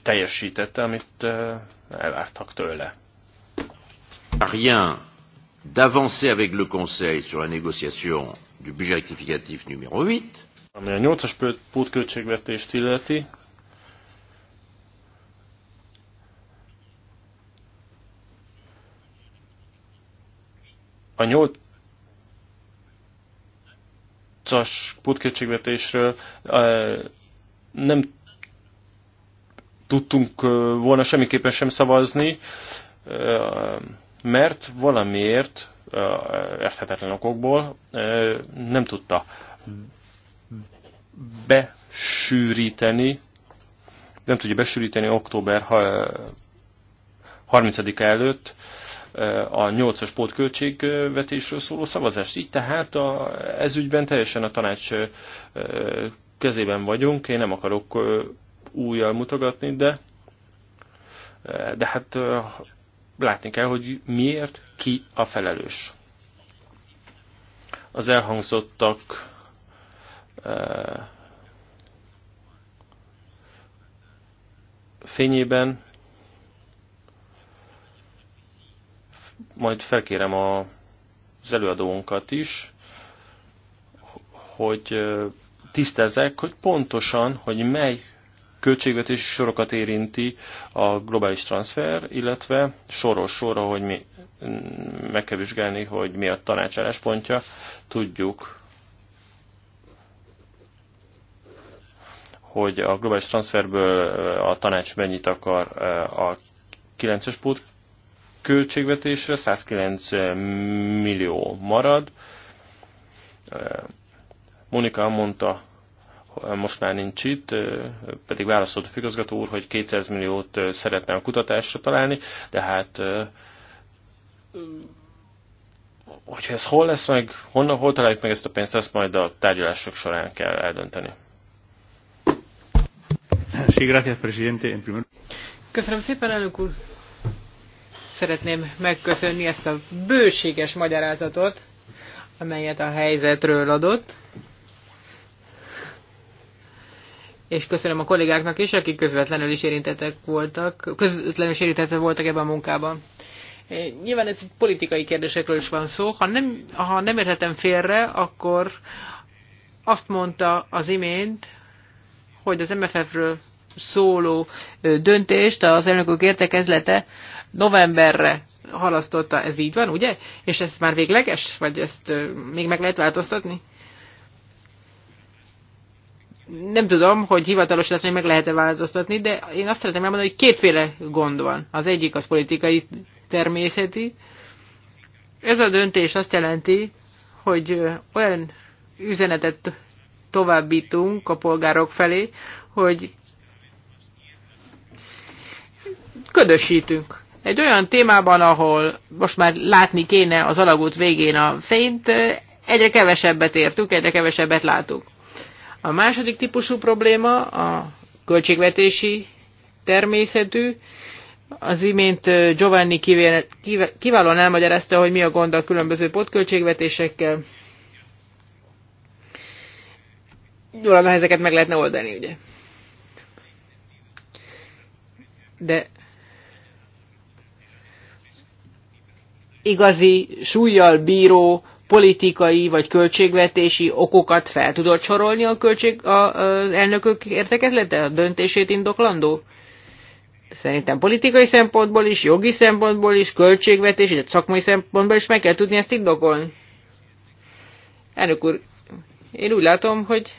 teljesítette, amit elvártak tőle. Rien d'avancer avec le Conseil sur la négociation du budget rectificatif numéro 8. Ami a 8-as pótköltségvetést illeti, a 8-as pótköltségvetésről nem tudtunk volna semmiképpen sem szavazni, mert valamiért érthetetlen okokból nem tudta besűríteni, nem tudja besűríteni október 30-a előtt a 8-as pótköltségvetésről szóló szavazást. Így tehát a, ez ügyben teljesen a tanács kezében vagyunk, én nem akarok újjal mutogatni, de de hát látni kell, hogy miért, ki a felelős. Az elhangzottak eh, fényében majd felkérem a, az előadónkat is, hogy eh, tisztezzek, hogy pontosan, hogy mely költségvetési sorokat érinti a globális transfer, illetve sorról sorra, hogy mi mm, meg kell vizsgálni, hogy mi a tanács álláspontja. Tudjuk, hogy a globális transferből a tanács mennyit akar a 9-es pót költségvetésre, 109 millió marad. Monika mondta most már nincs itt, pedig válaszolt a figazgató úr, hogy 200 milliót szeretne a kutatásra találni, de hát hogyha ez hol lesz meg, honnan, hol találjuk meg ezt a pénzt, azt majd a tárgyalások során kell eldönteni. Köszönöm szépen, elnök úr! Szeretném megköszönni ezt a bőséges magyarázatot, amelyet a helyzetről adott és köszönöm a kollégáknak is, akik közvetlenül is érintettek voltak, közvetlenül is érintettek voltak ebben a munkában. Nyilván ez politikai kérdésekről is van szó. Ha nem, ha nem érhetem félre, akkor azt mondta az imént, hogy az MFF-ről szóló döntést az elnökök értekezlete novemberre halasztotta. Ez így van, ugye? És ez már végleges? Vagy ezt még meg lehet változtatni? nem tudom, hogy hivatalos lesz, hogy meg lehet-e változtatni, de én azt szeretném elmondani, hogy kétféle gond van. Az egyik az politikai természeti. Ez a döntés azt jelenti, hogy olyan üzenetet továbbítunk a polgárok felé, hogy ködösítünk. Egy olyan témában, ahol most már látni kéne az alagút végén a fényt, egyre kevesebbet értük, egyre kevesebbet látunk. A második típusú probléma a költségvetési természetű. Az imént Giovanni kiválóan elmagyarázta, hogy mi a gond a különböző pótköltségvetésekkel. Jó ezeket meg lehetne oldani, ugye? De igazi súlyjal bíró politikai vagy költségvetési okokat fel tudod sorolni a költség, a, az elnökök értekezlete, a döntését indoklandó? Szerintem politikai szempontból is, jogi szempontból is, költségvetési, de szakmai szempontból is meg kell tudni ezt indokolni. Elnök úr, én úgy látom, hogy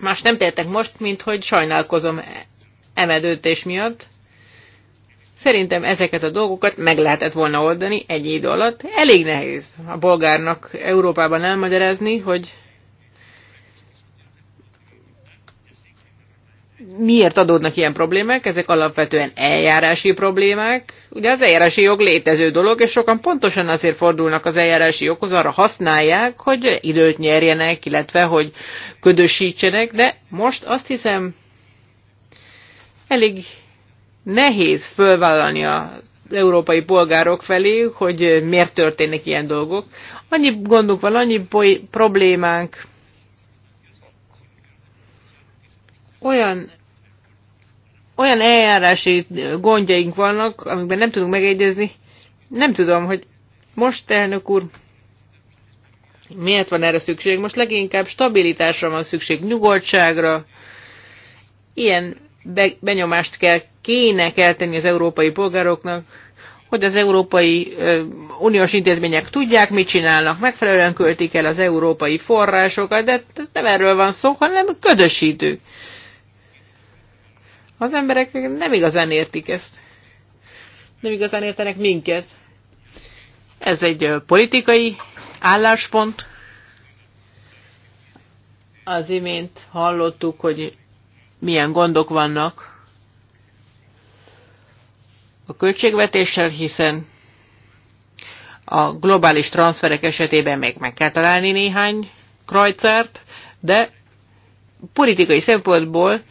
más nem tettek most, mint hogy sajnálkozom emedőtés e miatt, Szerintem ezeket a dolgokat meg lehetett volna oldani egy idő alatt. Elég nehéz a bolgárnak Európában elmagyarázni, hogy miért adódnak ilyen problémák, ezek alapvetően eljárási problémák. Ugye az eljárási jog létező dolog, és sokan pontosan azért fordulnak az eljárási joghoz, arra használják, hogy időt nyerjenek, illetve hogy ködösítsenek, de most azt hiszem elég nehéz fölvállalni az európai polgárok felé, hogy miért történnek ilyen dolgok. Annyi gondunk van, annyi problémánk, olyan, olyan eljárási gondjaink vannak, amikben nem tudunk megegyezni. Nem tudom, hogy most, elnök úr, miért van erre szükség? Most leginkább stabilitásra van szükség, nyugodtságra. Ilyen benyomást kell kéne kell tenni az európai polgároknak, hogy az európai uniós intézmények tudják, mit csinálnak, megfelelően költik el az európai forrásokat, de nem erről van szó, hanem ködösítő. Az emberek nem igazán értik ezt. Nem igazán értenek minket. Ez egy politikai álláspont. Az imént hallottuk, hogy milyen gondok vannak a költségvetéssel, hiszen a globális transferek esetében még meg kell találni néhány krajcert, de politikai szempontból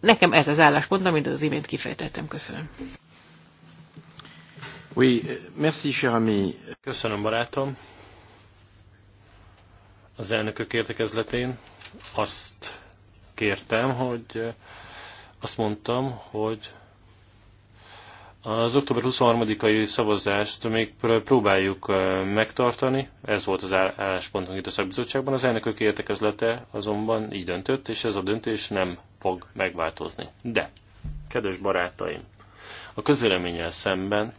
nekem ez az álláspont, amit az imént kifejtettem. Köszönöm. Oui, merci, cher ami. Köszönöm, barátom. Az elnökök értekezletén azt kértem, hogy azt mondtam, hogy az október 23-ai szavazást még próbáljuk megtartani, ez volt az álláspontunk itt a szakbizottságban, az elnökök értekezlete azonban így döntött, és ez a döntés nem fog megváltozni. De, kedves barátaim, a közéleménnyel szemben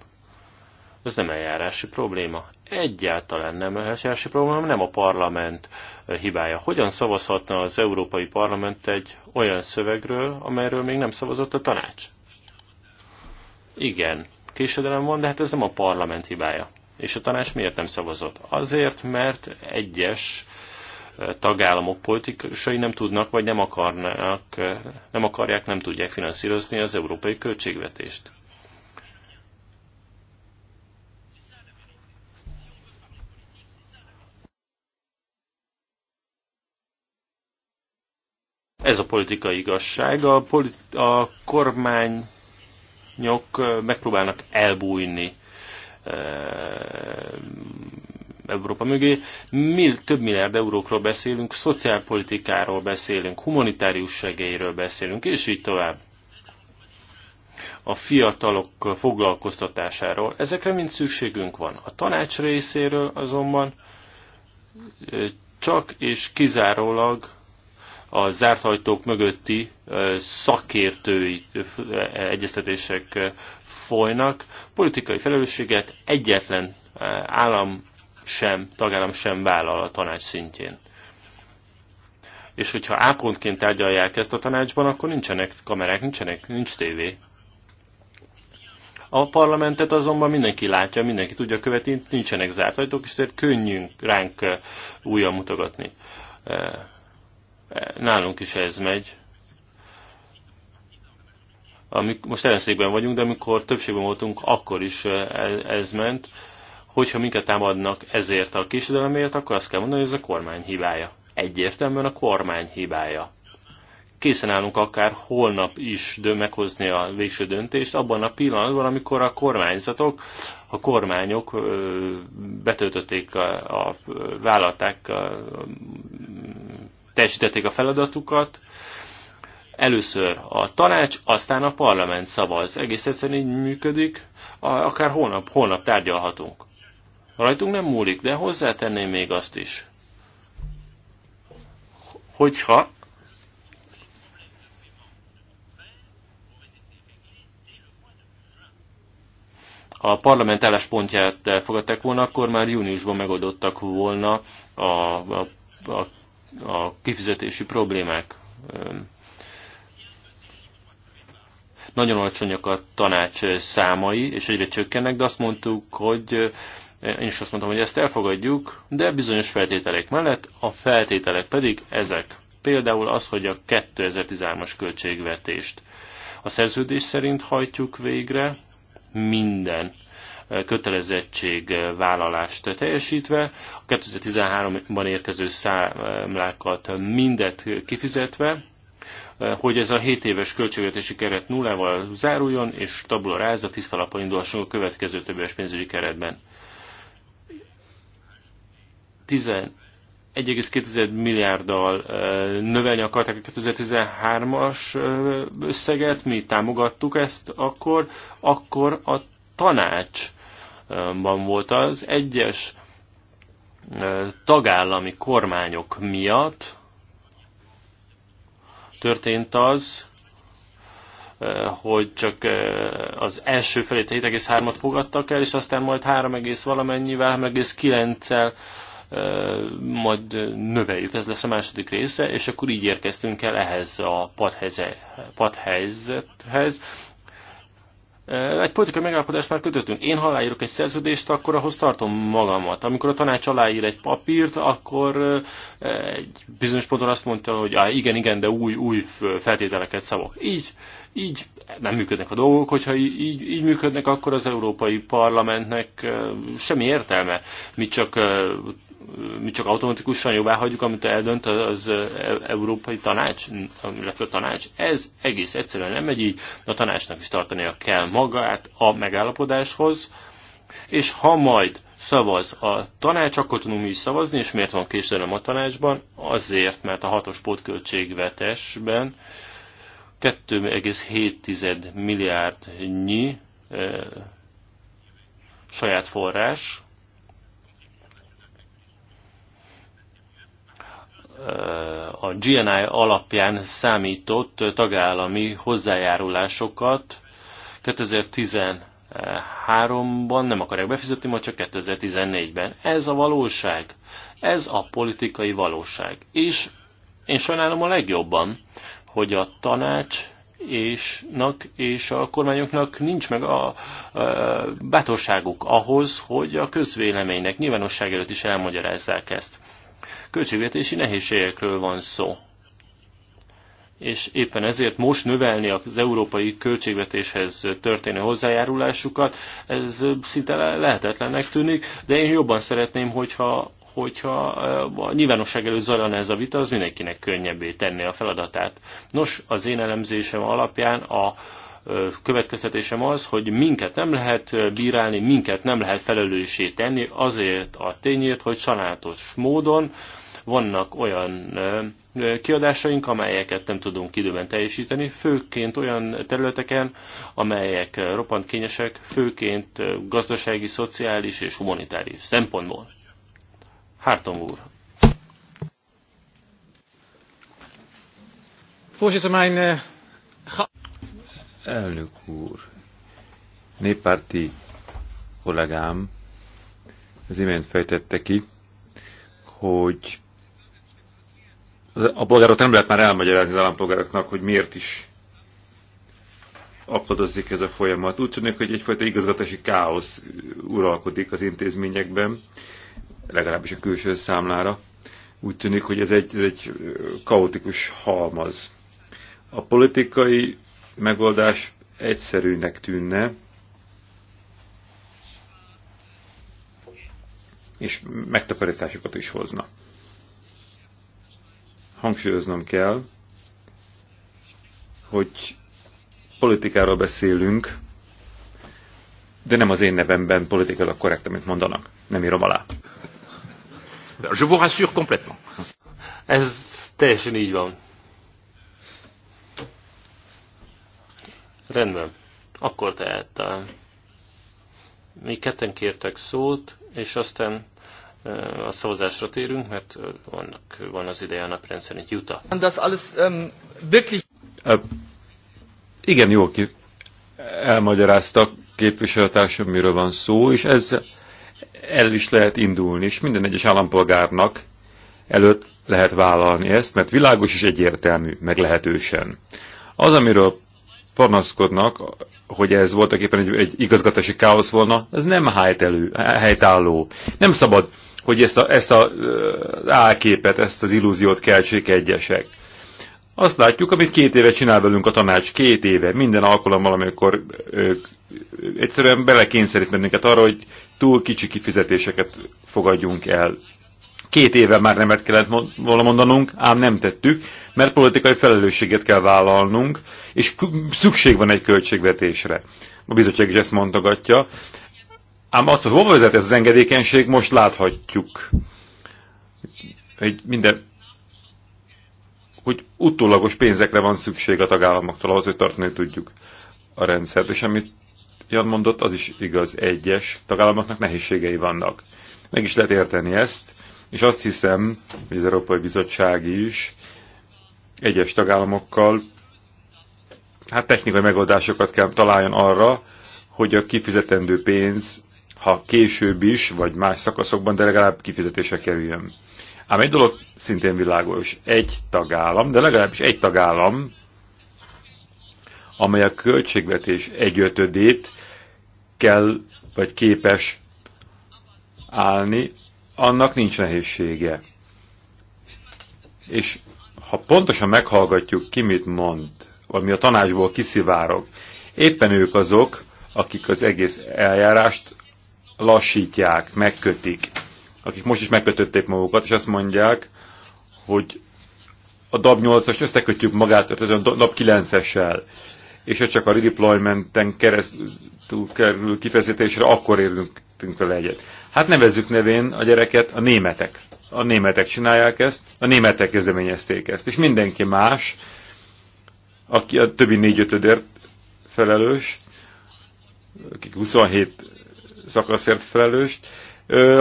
ez nem eljárási probléma. Egyáltalán nem eljárási probléma, nem a parlament hibája. Hogyan szavazhatna az Európai Parlament egy olyan szövegről, amelyről még nem szavazott a tanács? Igen, késedelem van, de hát ez nem a parlament hibája. És a tanács miért nem szavazott? Azért, mert egyes tagállamok politikusai nem tudnak, vagy nem, akarnak, nem akarják, nem tudják finanszírozni az európai költségvetést. Ez a politikai igazság. A, politi- a kormány kormányok megpróbálnak elbújni Európa mögé. Mi több milliárd eurókról beszélünk, szociálpolitikáról beszélünk, humanitárius segélyről beszélünk, és így tovább. A fiatalok foglalkoztatásáról. Ezekre mind szükségünk van. A tanács részéről azonban csak és kizárólag a zárt ajtók mögötti szakértői egyeztetések folynak. Politikai felelősséget egyetlen állam sem, tagállam sem vállal a tanács szintjén. És hogyha ápontként tárgyalják ezt a tanácsban, akkor nincsenek kamerák, nincsenek, nincs tévé. A parlamentet azonban mindenki látja, mindenki tudja követni, nincsenek zárt ajtók, és ezért könnyű ránk újra mutogatni. Nálunk is ez megy. Amik, most ellenszékben vagyunk, de amikor többségben voltunk, akkor is eh, ez ment. Hogyha minket támadnak ezért a késedelemért, akkor azt kell mondani, hogy ez a kormány hibája. Egyértelműen a kormány hibája készen állunk akár holnap is meghozni a végső döntést, abban a pillanatban, amikor a kormányzatok, a kormányok betöltötték, a, a, vállalták a, teljesítették a feladatukat, először a tanács, aztán a parlament szavaz. Egész egyszerűen így működik, akár holnap, holnap tárgyalhatunk. Rajtunk nem múlik, de hozzátenném még azt is, hogyha a parlament álláspontját elfogadták volna, akkor már júniusban megoldottak volna a, a, a a kifizetési problémák nagyon alacsonyak a tanács számai, és egyre csökkennek, de azt mondtuk, hogy én is azt mondtam, hogy ezt elfogadjuk, de bizonyos feltételek mellett, a feltételek pedig ezek. Például az, hogy a 2013-as költségvetést a szerződés szerint hajtjuk végre, minden kötelezettség eh, vállalást teljesítve, a 2013-ban érkező számlákat mindet kifizetve, eh, hogy ez a 7 éves költségvetési keret nullával záruljon, és tabula a tiszta lapon indulhassunk a következő többes pénzügyi keretben. 1,2 milliárddal eh, növelni akarták a 2013-as összeget, mi támogattuk ezt akkor, akkor a tanács ban volt az egyes tagállami kormányok miatt történt az, hogy csak az első felét 7,3-at fogadtak el, és aztán majd 3, valamennyivel, 3,9-el majd növeljük, ez lesz a második része, és akkor így érkeztünk el ehhez a padhelyzethez, egy politikai megállapodást már kötöttünk. Én, ha aláírok egy szerződést, akkor ahhoz tartom magamat. Amikor a tanács aláír egy papírt, akkor egy bizonyos ponton azt mondta, hogy á, igen, igen, de új, új feltételeket szavok. Így így nem működnek a dolgok, hogyha így, így működnek, akkor az Európai Parlamentnek semmi értelme. Mi csak, mi csak automatikusan jobbá hagyjuk, amit eldönt az Európai Tanács, illetve a tanács. Ez egész egyszerűen nem megy így, a tanácsnak is tartania kell magát a megállapodáshoz, és ha majd szavaz a tanács, akkor tudunk mi is szavazni, és miért van késedelem a tanácsban? Azért, mert a hatos pótköltségvetésben 2,7 nyi e, saját forrás, a GNI alapján számított tagállami hozzájárulásokat 2013-ban nem akarják befizetni, majd csak 2014-ben. Ez a valóság, ez a politikai valóság. És én sajnálom a legjobban, hogy a tanács és nak, és a kormányoknak nincs meg a, a bátorságuk ahhoz, hogy a közvéleménynek nyilvánosság előtt is elmagyarázzák ezt. Költségvetési nehézségekről van szó. És éppen ezért most növelni az európai költségvetéshez történő hozzájárulásukat, ez szinte lehetetlennek tűnik, de én jobban szeretném, hogyha hogyha eh, nyilvánosság előtt zajlana ez a vita, az mindenkinek könnyebbé tenné a feladatát. Nos, az én elemzésem alapján a eh, következtetésem az, hogy minket nem lehet eh, bírálni, minket nem lehet felelőssé tenni azért a tényért, hogy sanátos módon vannak olyan kiadásaink, amelyeket nem tudunk időben teljesíteni, főként olyan területeken, amelyek roppant kényesek, főként gazdasági, szociális és humanitárius szempontból. Hárton úr. Voorzitter, mijn... Eh, Elnök úr, néppárti kollégám az imént fejtette ki, hogy a polgárok nem lehet már elmagyarázni az állampolgároknak, hogy miért is akadozik ez a folyamat. Úgy tűnik, hogy egyfajta igazgatási káosz uralkodik az intézményekben, legalábbis a külső számlára. Úgy tűnik, hogy ez egy, ez egy kaotikus halmaz. A politikai megoldás egyszerűnek tűnne, és megtakarításokat is hozna. Hangsúlyoznom kell, hogy politikáról beszélünk, de nem az én nevemben politikailag korrekt, amit mondanak. Nem írom alá. Je vous rassure complètement. Ez teljesen így van. Rendben. Akkor tehát mi ketten kértek szót, és aztán a szavazásra térünk, mert vannak, van az ideje a naprendszer, szerint Juta. Das alles, um, wirklich... uh, igen, jó, ki elmagyaráztak képviselőtársam, miről van szó, és ezzel el is lehet indulni, és minden egyes állampolgárnak előtt lehet vállalni ezt, mert világos és egyértelmű, meglehetősen. Az, amiről panaszkodnak, hogy ez voltak éppen egy, egy igazgatási káosz volna, ez nem helytelő, helytálló. Nem szabad, hogy ezt, a, ezt a, az álképet, ezt az illúziót keltsék egyesek. Azt látjuk, amit két éve csinál velünk a tanács, két éve, minden alkalommal, amikor ö, egyszerűen belekényszerít bennünket arra, hogy túl kicsi kifizetéseket fogadjunk el. Két éve már nemet kellett volna mondanunk, ám nem tettük, mert politikai felelősséget kell vállalnunk, és szükség van egy költségvetésre. A bizottság is ezt mondogatja. Ám azt, hogy hova vezet ez az engedékenység, most láthatjuk. Hogy minden hogy utólagos pénzekre van szükség a tagállamoktól ahhoz, hogy tartani tudjuk a rendszert. És amit Jan mondott, az is igaz, egyes tagállamoknak nehézségei vannak. Meg is lehet érteni ezt, és azt hiszem, hogy az Európai Bizottság is egyes tagállamokkal hát technikai megoldásokat kell találjon arra, hogy a kifizetendő pénz, ha később is, vagy más szakaszokban, de legalább kifizetése kerüljön. Ám egy dolog szintén világos, egy tagállam, de legalábbis egy tagállam, amely a költségvetés egyötödét kell vagy képes állni, annak nincs nehézsége. És ha pontosan meghallgatjuk, ki mit mond, vagy mi a tanácsból kiszivárog, éppen ők azok, akik az egész eljárást lassítják, megkötik akik most is megkötötték magukat, és azt mondják, hogy a DAB 8-as összekötjük magát a DAB 9-essel, és ez csak a redeploymenten keresztül kerül kifejezésre, akkor érünk vele egyet. Hát nevezzük nevén a gyereket a németek. A németek csinálják ezt, a németek kezdeményezték ezt, és mindenki más, aki a többi négyötödért felelős, akik 27 szakaszért felelős,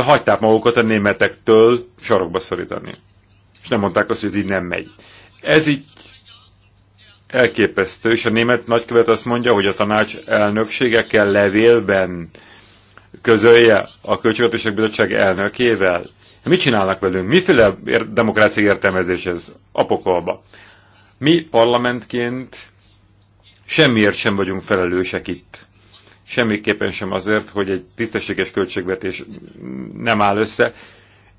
hagyták magukat a németektől sarokba szorítani. És nem mondták azt, hogy ez így nem megy. Ez így elképesztő, és a német nagykövet azt mondja, hogy a tanács elnökségekkel levélben közölje a Költségvetések Bizottság elnökével. Mit csinálnak velünk? Miféle demokrácia értelmezés ez? pokolba? Mi parlamentként semmiért sem vagyunk felelősek itt semmiképpen sem azért, hogy egy tisztességes költségvetés nem áll össze.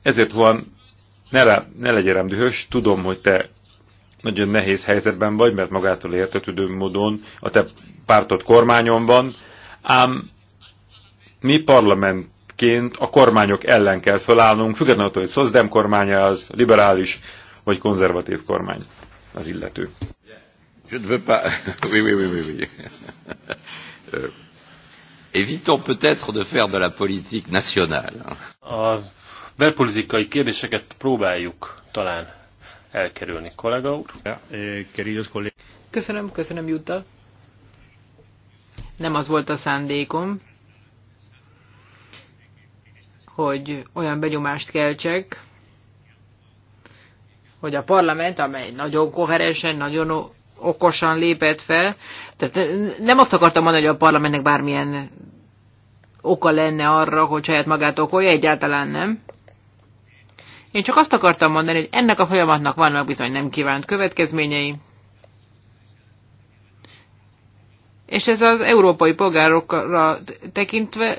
Ezért van, ne, le, ne legyél rám dühös, tudom, hogy te nagyon nehéz helyzetben vagy, mert magától értetődő módon a te pártod kormányon van, ám mi parlamentként a kormányok ellen kell felállnunk, függetlenül attól, hogy szozdem kormánya az, liberális vagy konzervatív kormány az illető. Je ne veux pas. Oui, oui, oui, oui, oui. Euh, Évitons peut-être de faire de la politique nationale. A belpolitikai kérdéseket próbáljuk talán elkerülni, kollega úr. Eh, köszönöm, köszönöm, Jutta. Nem az volt a szándékom, hogy olyan benyomást keltsek, hogy a parlament, amely nagyon koherensen, nagyon okosan lépett fel. Tehát nem azt akartam mondani, hogy a parlamentnek bármilyen oka lenne arra, hogy saját magát okolja, egyáltalán nem. Én csak azt akartam mondani, hogy ennek a folyamatnak vannak bizony nem kívánt következményei, és ez az európai polgárokra tekintve,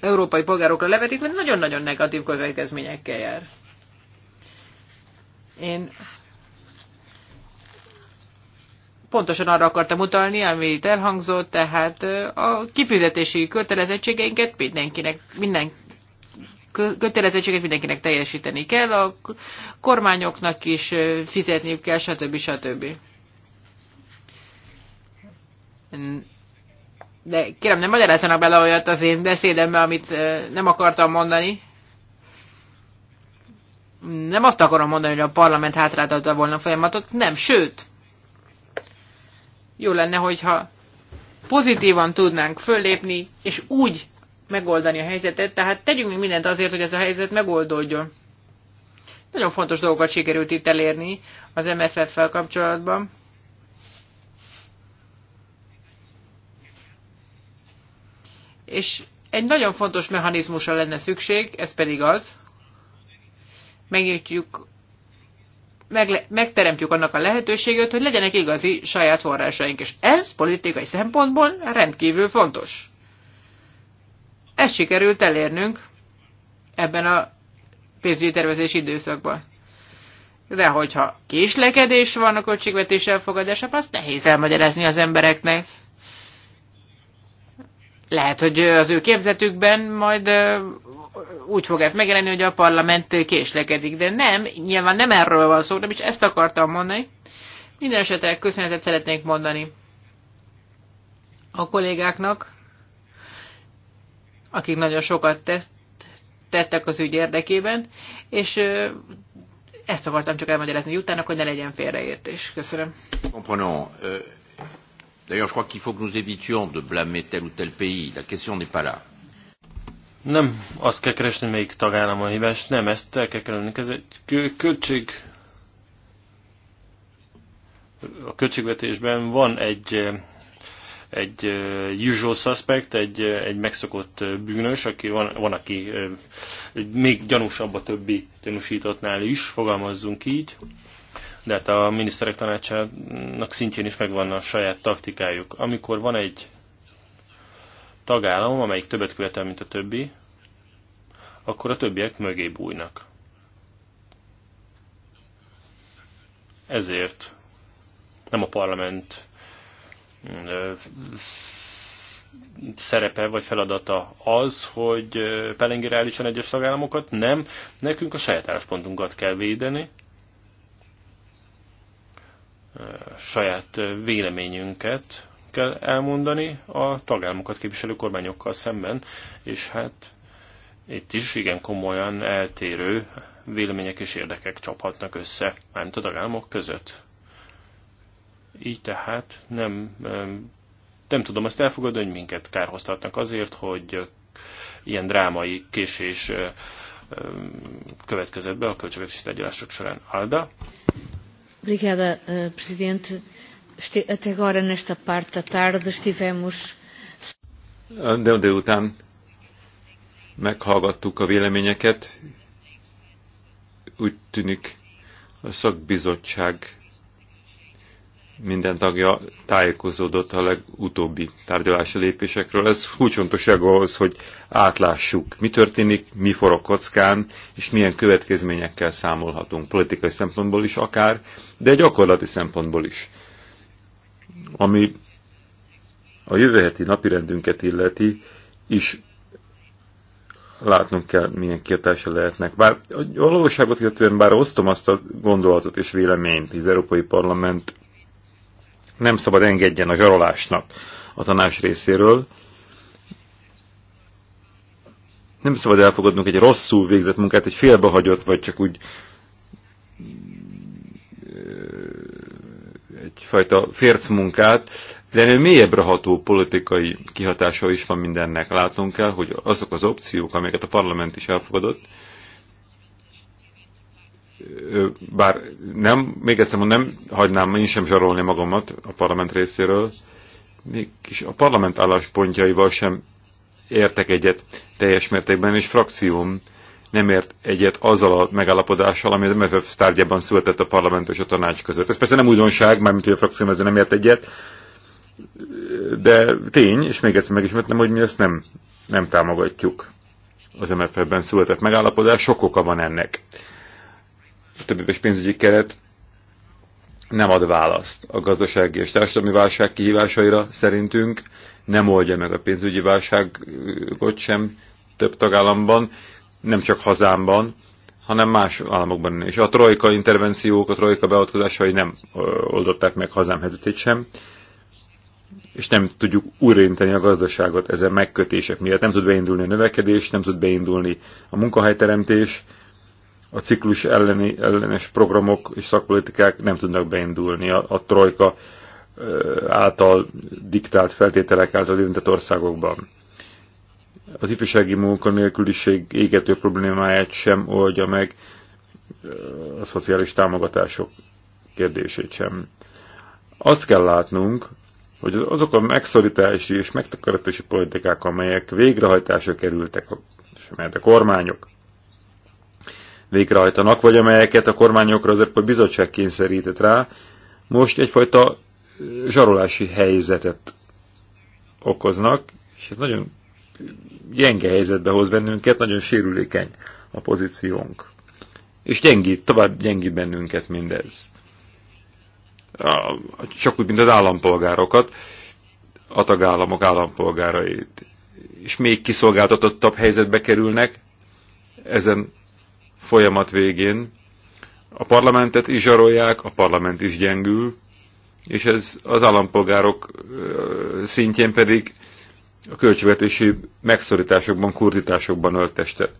európai polgárokra levetítve nagyon-nagyon negatív következményekkel jár. Én pontosan arra akartam utalni, amit elhangzott, tehát a kifizetési kötelezettségeinket mindenkinek, minden kötelezettséget mindenkinek teljesíteni kell, a kormányoknak is fizetniük kell, stb. stb. De kérem, nem magyarázzanak bele olyat az én beszédembe, amit nem akartam mondani. Nem azt akarom mondani, hogy a parlament hátráltatta volna a folyamatot, nem, sőt, jó lenne, hogyha pozitívan tudnánk föllépni, és úgy megoldani a helyzetet, tehát tegyünk még mindent azért, hogy ez a helyzet megoldódjon. Nagyon fontos dolgokat sikerült itt elérni az MFF-fel kapcsolatban. És egy nagyon fontos mechanizmusra lenne szükség, ez pedig az, megnyitjuk meg, megteremtjük annak a lehetőséget, hogy legyenek igazi saját forrásaink, és ez politikai szempontból rendkívül fontos. Ezt sikerült elérnünk ebben a pénzügyi tervezés időszakban. De hogyha késlekedés van a költségvetés elfogadásában, azt nehéz elmagyarázni az embereknek. Lehet, hogy az ő képzetükben majd úgy fog ez megjelenni, hogy a parlament késlekedik. De nem, nyilván nem erről van szó, nem is ezt akartam mondani. Minden esetre köszönetet szeretnék mondani a kollégáknak, akik nagyon sokat teszt, tettek az ügy érdekében, és ezt akartam csak elmagyarázni utána, hogy ne legyen félreértés. Köszönöm. Comprenons. Euh, d'ailleurs, je crois qu'il faut que nous évitions de blâmer tel ou tel pays. La question n'est pas là. Nem azt kell keresni, melyik tagállam a hibás, nem, ezt el kell kerülni. Ez egy költség... A költségvetésben van egy egy usual suspect, egy, egy megszokott bűnös, aki van, van aki még gyanúsabb a többi gyanúsítottnál is, fogalmazzunk így. De hát a miniszterek tanácsának szintjén is megvan a saját taktikájuk. Amikor van egy tagállam, amelyik többet követel, mint a többi, akkor a többiek mögé bújnak. Ezért nem a parlament mm, szerepe vagy feladata az, hogy pelengére állítson egyes tagállamokat, nem, nekünk a saját álláspontunkat kell védeni, saját véleményünket, kell elmondani a tagállamokat képviselő kormányokkal szemben, és hát itt is igen komolyan eltérő vélemények és érdekek csaphatnak össze, mármint a tagállamok között. Így tehát nem, nem tudom ezt elfogadni, hogy minket kárhoztatnak azért, hogy ilyen drámai késés következett be a költségvetési tárgyalások során. Alda? Obrigada, eh, Presidente até agora nesta parte da tarde estivemos. De délután meghallgattuk a véleményeket. Úgy tűnik a szakbizottság minden tagja tájékozódott a legutóbbi tárgyalási lépésekről. Ez kulcsontosság ahhoz, hogy átlássuk, mi történik, mi forog kockán, és milyen következményekkel számolhatunk, politikai szempontból is akár, de gyakorlati szempontból is. Ami a jövő heti napirendünket illeti, is látnunk kell, milyen kiadása lehetnek. Bár a valóságot illetően bár osztom azt a gondolatot és véleményt, hogy az Európai Parlament nem szabad engedjen a zsarolásnak a tanács részéről. Nem szabad elfogadnunk egy rosszul végzett munkát, egy félbehagyott, vagy csak úgy egyfajta fércmunkát, de ennél mélyebbre ható politikai kihatása is van mindennek. Látnunk kell, hogy azok az opciók, amelyeket a parlament is elfogadott, bár nem, még egyszer mondom, nem hagynám én sem zsarolni magamat a parlament részéről, mégis a parlament álláspontjaival sem értek egyet teljes mértékben, és frakcióm nem ért egyet azzal a megállapodással, ami az MFF tárgyában született a parlament és a tanács között. Ez persze nem újdonság, mármint hogy a frakció ezzel nem ért egyet, de tény, és még egyszer megismertem, hogy mi ezt nem, nem támogatjuk. Az MFF-ben született megállapodás, sok oka van ennek. A többéves pénzügyi keret nem ad választ a gazdasági és társadalmi válság kihívásaira szerintünk, nem oldja meg a pénzügyi válságot sem több tagállamban, nem csak hazámban, hanem más államokban. És a trojka intervenciók, a trojka beavatkozásai nem oldották meg hazám helyzetét sem, és nem tudjuk újraindítani a gazdaságot ezen megkötések miatt. Nem tud beindulni a növekedés, nem tud beindulni a munkahelyteremtés, a ciklus elleni, ellenes programok és szakpolitikák nem tudnak beindulni a, a trojka által diktált feltételek által érintett országokban az ifjúsági munkanélküliség égető problémáját sem oldja meg, a szociális támogatások kérdését sem. Azt kell látnunk, hogy azok a megszorítási és megtakarítási politikák, amelyek végrehajtásra kerültek, és amelyet a kormányok végrehajtanak, vagy amelyeket a kormányokra az a Bizottság kényszerített rá, most egyfajta zsarolási helyzetet okoznak, és ez nagyon gyenge helyzetbe hoz bennünket, nagyon sérülékeny a pozíciónk. És gyengít, tovább gyengít bennünket mindez. Csak úgy, mint az állampolgárokat, a tagállamok állampolgárait. És még kiszolgáltatottabb helyzetbe kerülnek ezen folyamat végén. A parlamentet is zsarolják, a parlament is gyengül, és ez az állampolgárok szintjén pedig a költségvetési megszorításokban, kurzításokban öltestet.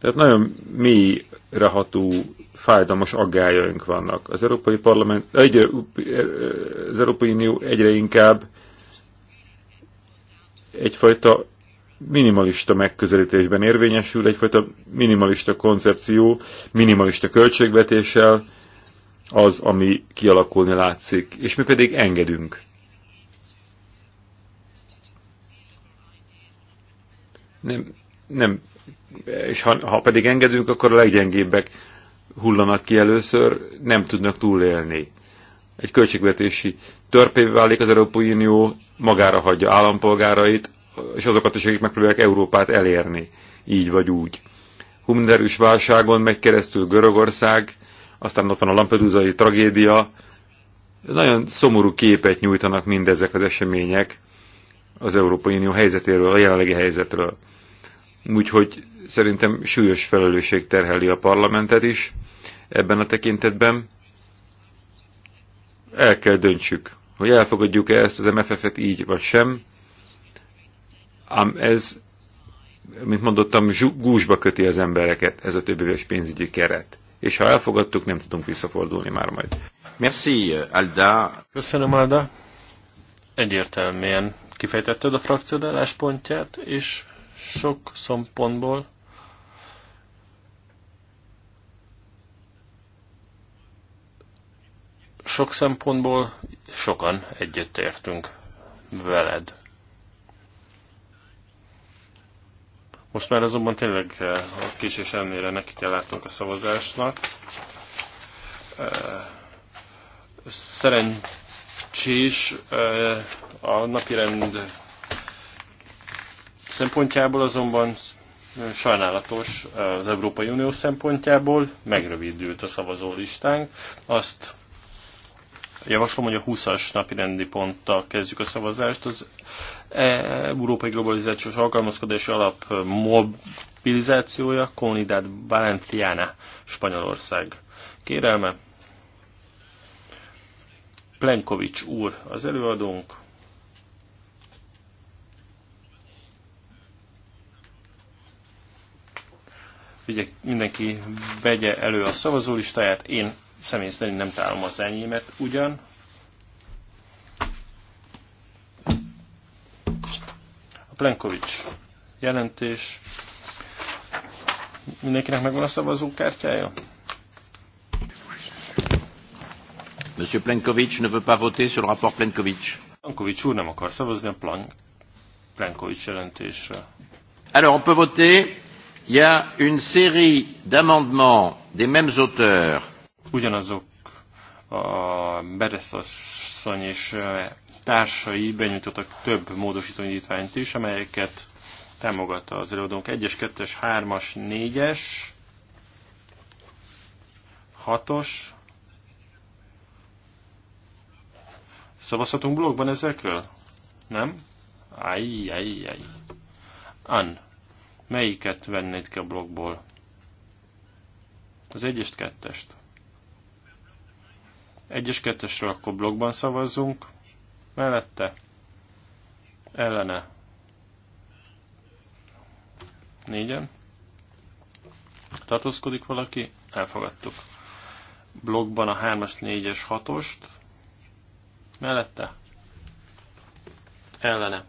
Tehát nagyon mélyreható, fájdalmas aggájaink vannak. Az Európai Parlament, egyre, az Európai Unió egyre inkább egyfajta minimalista megközelítésben érvényesül, egyfajta minimalista koncepció, minimalista költségvetéssel az, ami kialakulni látszik, és mi pedig engedünk. nem, nem, és ha, ha pedig engedünk, akkor a leggyengébbek hullanak ki először, nem tudnak túlélni. Egy költségvetési törpévé válik az Európai Unió, magára hagyja állampolgárait, és azokat is, akik megpróbálják Európát elérni, így vagy úgy. Humanitárius válságon megy keresztül Görögország, aztán ott van a Lampedusai tragédia. Nagyon szomorú képet nyújtanak mindezek az események az Európai Unió helyzetéről, a jelenlegi helyzetről. Úgyhogy szerintem súlyos felelősség terheli a parlamentet is ebben a tekintetben. El kell döntsük, hogy elfogadjuk-e ezt az MFF-et így vagy sem, ám ez, mint mondottam, gúzsba köti az embereket, ez a többéves pénzügyi keret. És ha elfogadtuk, nem tudunk visszafordulni már majd. Merci, Alda. Köszönöm, Alda. Egyértelműen kifejtetted a frakciód álláspontját, és sok szempontból sok szempontból sokan egyetértünk veled. Most már azonban tényleg eh, a késés ellenére neki kell látnunk a szavazásnak. Eh, Szerencsé szerencsés eh, a napirend szempontjából azonban sajnálatos az Európai Unió szempontjából, megrövidült a listánk. Azt javaslom, hogy a 20-as napi rendi ponttal kezdjük a szavazást. Az e- Európai Globalizációs Alkalmazkodási Alap mobilizációja, Comunidad Valenciana, Spanyolország. Kérelme, Plenkovics úr az előadónk. Ugye mindenki vegye elő a szavazólistáját, én személy szerint nem találom az enyémet ugyan. A Plenkovics jelentés. Mindenkinek megvan a szavazókártyája? Monsieur Plenkovic ne veut pas voter sur le rapport Plenkovic. Plenkovic úr nem akar szavazni a Plank Plenkovic jelentésre. Alors on peut voter. Il y a une série d'amendements des mêmes auteurs. Ugyanazok a Bereszasszony és társai benyújtottak több módosító indítványt is, amelyeket támogatta az előadónk. 1-es, 2-es, 3-as, 4-es, 6-os, Szavazhatunk blogban ezekről? Nem? Aj, aj, aj. An. melyiket vennéd ki a blogból? Az egyes kettest. Egyes kettesről akkor blogban szavazzunk. Mellette. Ellene. Négyen. Tartózkodik valaki? Elfogadtuk. Blogban a 3-as, 4-es, 6-ost mellette, ellene.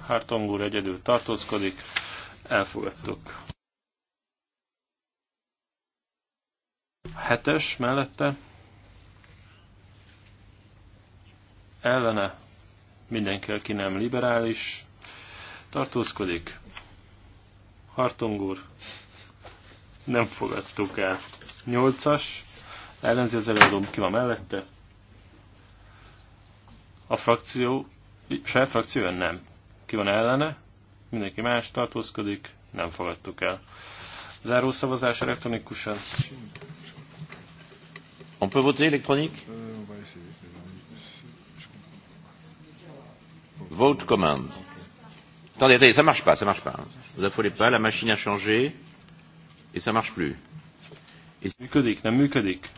Hartong úr egyedül tartózkodik, elfogadtuk. Hetes mellette, ellene, mindenki, aki nem liberális, tartózkodik. Hartong úr, nem fogadtuk el. Nyolcas, ellenzi az előadó, ki van mellette, a frakció, saját frakció nem. Ki van ellene? Mindenki más tartózkodik, nem fogadtuk el. Záró szavazás elektronikusan. On peut voter électronique euh, Vote command. Attendez, attendez, ça marche pas, ça marche pas. Vous affolez pas, la machine a changé et ça marche plus. Et... Működik, nem működik?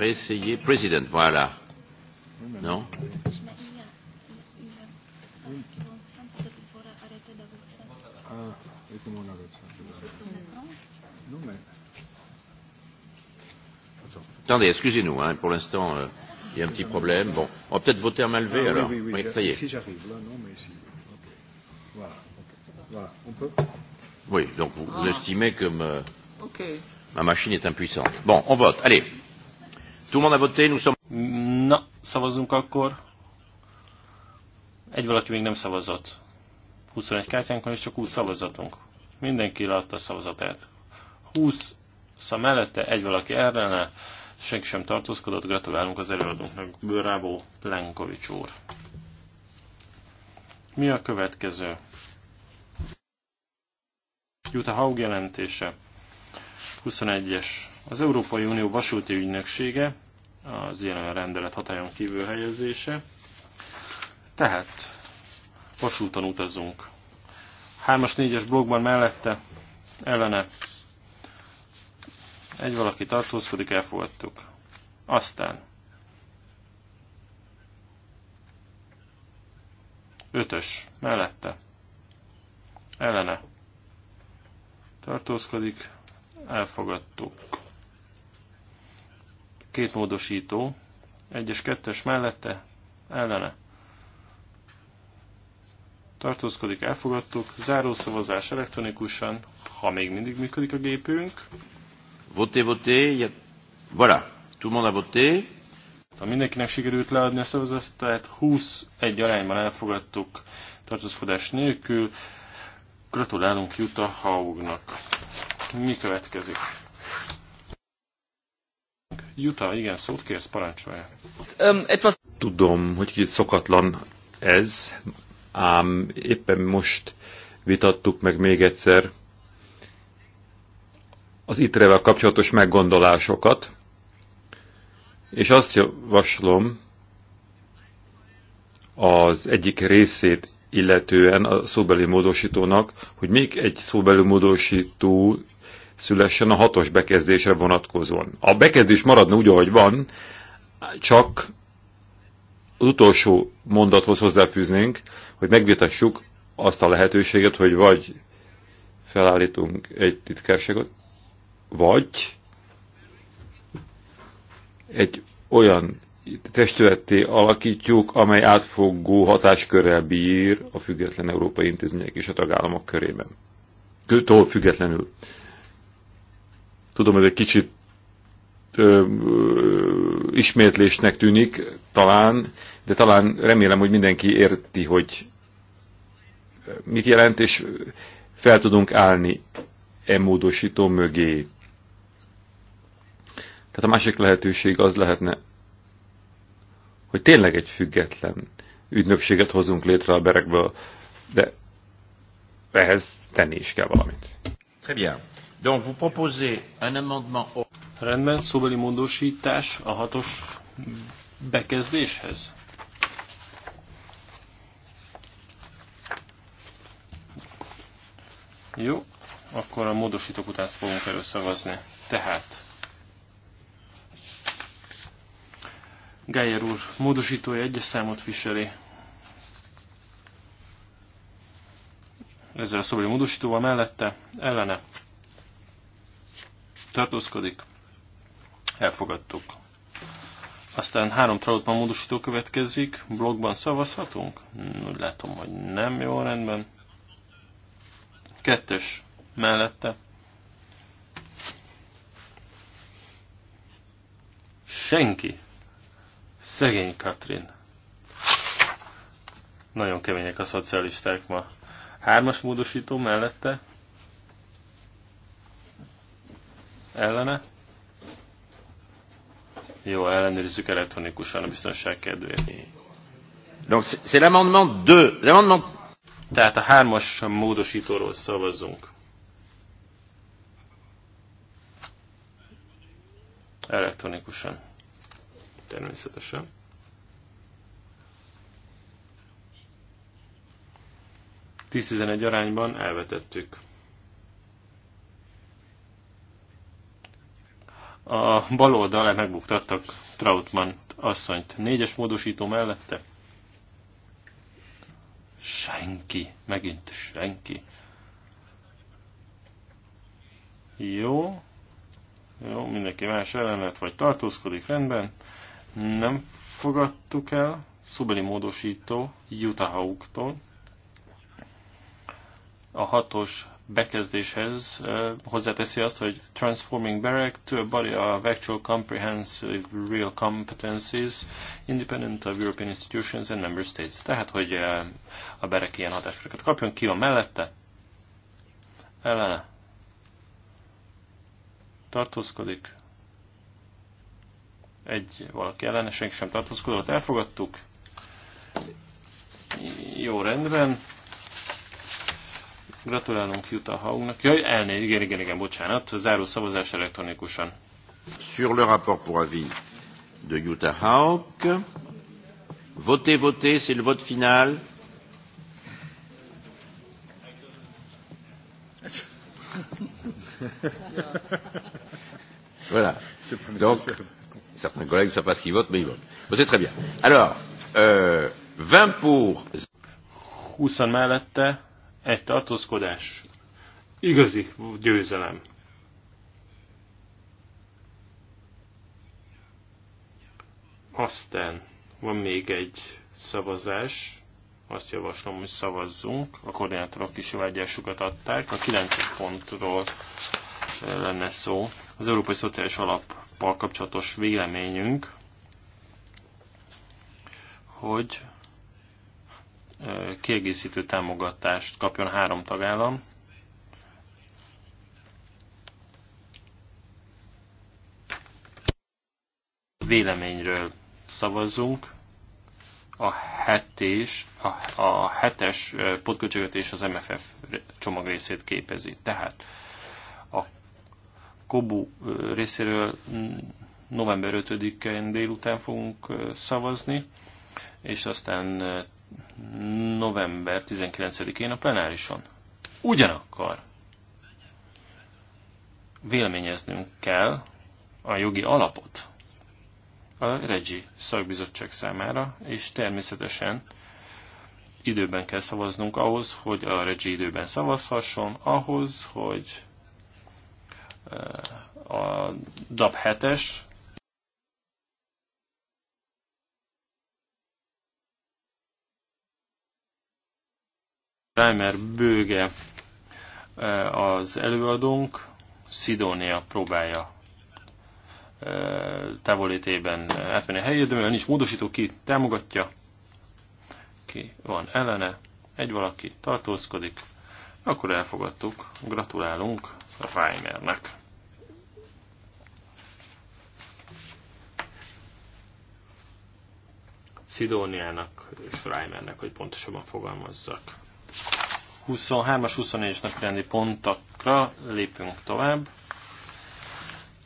après, essayez President. Voilà. Non Attendez, excusez-nous, hein, pour l'instant, euh, il y a un petit problème. Bon, on va peut-être voter à main levée ah, alors. Oui, oui, oui, oui ça y est. Si j'arrive là, non, mais si. Okay. Voilà, okay. voilà, on peut Oui, donc vous, ah. vous estimez que me, okay. ma machine est impuissante. Bon, on vote. Allez. Tout le monde a voté, nous sommes... Na, szavazzunk akkor. Egy valaki még nem szavazott. 21 van, és csak 20 szavazatunk. Mindenki leadta a szavazatát. 20 sza mellette, egy valaki ellene, senki sem tartózkodott, gratulálunk az előadónknak. Bravo, Plenkovics úr. Mi a következő? Jut a Haug jelentése. 21-es. Az Európai Unió vasúti ügynöksége, az ilyen rendelet hatályon kívül helyezése. Tehát vasúton utazunk. 3-as, 4-es blogban mellette, ellene egy valaki tartózkodik, elfogadtuk. Aztán ötös, mellette, ellene tartózkodik, elfogadtuk. Két módosító, egyes kettes mellette, ellene. Tartózkodik, elfogadtuk. Zárószavazás elektronikusan, ha még mindig működik a gépünk. Voté, voté, voilà, tout monde a voté. Ha mindenkinek sikerült leadni a szavazatát, 21 arányban elfogadtuk tartózkodás nélkül. Gratulálunk Juta Haugnak mi következik? Juta, igen, szót kérsz, parancsolja. Tudom, hogy kicsit szokatlan ez, ám éppen most vitattuk meg még egyszer az itre kapcsolatos meggondolásokat, és azt javaslom az egyik részét illetően a szóbeli módosítónak, hogy még egy szóbeli módosító szülessen a hatos bekezdésre vonatkozóan. A bekezdés maradna úgy, ahogy van, csak az utolsó mondathoz hozzáfűznénk, hogy megvitassuk azt a lehetőséget, hogy vagy felállítunk egy titkárságot, vagy egy olyan testületté alakítjuk, amely átfogó hatáskörrel bír a független európai intézmények és a tagállamok körében. Tól függetlenül. Tudom, ez egy kicsit ö, ö, ismétlésnek tűnik, talán, de talán remélem, hogy mindenki érti, hogy mit jelent, és fel tudunk állni e módosító mögé. Tehát a másik lehetőség az lehetne, hogy tényleg egy független ügynökséget hozunk létre a berekből, de ehhez tenni is kell valamit. Très bien. Donc vous proposez un amendement... Rendben, szóbeli módosítás a hatos bekezdéshez. Jó, akkor a módosítók után fogunk előszavazni. Tehát Geyer úr módosítója egyes számot viseli. Ezzel a szobori módosítóval mellette, ellene tartózkodik, elfogadtuk. Aztán három trautman módosító következik, blogban szavazhatunk? Úgy hmm, látom, hogy nem jó rendben. Kettes mellette. Senki. Szegény Katrin. Nagyon kemények a szocialisták ma. Hármas módosító mellette. ellene. Jó, ellenőrizzük elektronikusan a biztonság kedvéért. Donc c'est l'amendement 2. L'amendement... Tehát a hármas módosítóról szavazzunk. Elektronikusan. Természetesen. Tíz-tizenegy arányban elvetettük. A bal oldalán megbuktattak Trautmann asszonyt. Négyes módosító mellette. Senki. Megint senki. Jó. Jó, mindenki más ellenet vagy tartózkodik, rendben. Nem fogadtuk el. Szubeli módosító Utah A hatos bekezdéshez hozzáteszi azt, hogy Transforming BEREC to a body of actual comprehensive real competencies independent of European institutions and member states. Tehát, hogy a BEREC ilyen hatásokat kapjon. Ki van mellette? Ellene. Tartózkodik. Egy valaki ellene, senki sem tartózkodott. Elfogadtuk. Jó, rendben. Gratulálunk Jutta Haugnak. Jaj, elné, igen, igen, igen, bocsánat. Záró szavazás elektronikusan. Sur le rapport pour avis de Jutta Haug. Votez, votez, c'est le vote final. voilà. Donc, certains collègues ne savent pas ce qu'ils votent, mais ils votent. Bon, c'est très bien. Alors, euh, 20 pour... 20 mellette, egy tartózkodás. Igazi győzelem. Aztán van még egy szavazás. Azt javaslom, hogy szavazzunk. A koordinátorok is jóvágyásukat adták. A 9 pontról lenne szó. Az Európai Szociális Alappal kapcsolatos véleményünk, hogy kiegészítő támogatást kapjon három tagállam. Véleményről szavazzunk. A hetés, a, a hetes és az MFF csomag részét képezi. Tehát a Kobu részéről november 5-én délután fogunk szavazni, és aztán november 19-én a plenárison. Ugyanakkor véleményeznünk kell a jogi alapot a Regi szakbizottság számára, és természetesen időben kell szavaznunk ahhoz, hogy a Regi időben szavazhasson, ahhoz, hogy eh, a DAP 7-es Reimer Bőge e, az előadónk, Szidónia próbálja e, távolétében átvenni a helyét, de mivel nincs módosító, ki támogatja, ki van ellene, egy valaki tartózkodik, akkor elfogadtuk. Gratulálunk Reimernek. Sidóniának és Reimernek, hogy pontosabban fogalmazzak. 23-as, 24-es napirendi pontokra lépünk tovább.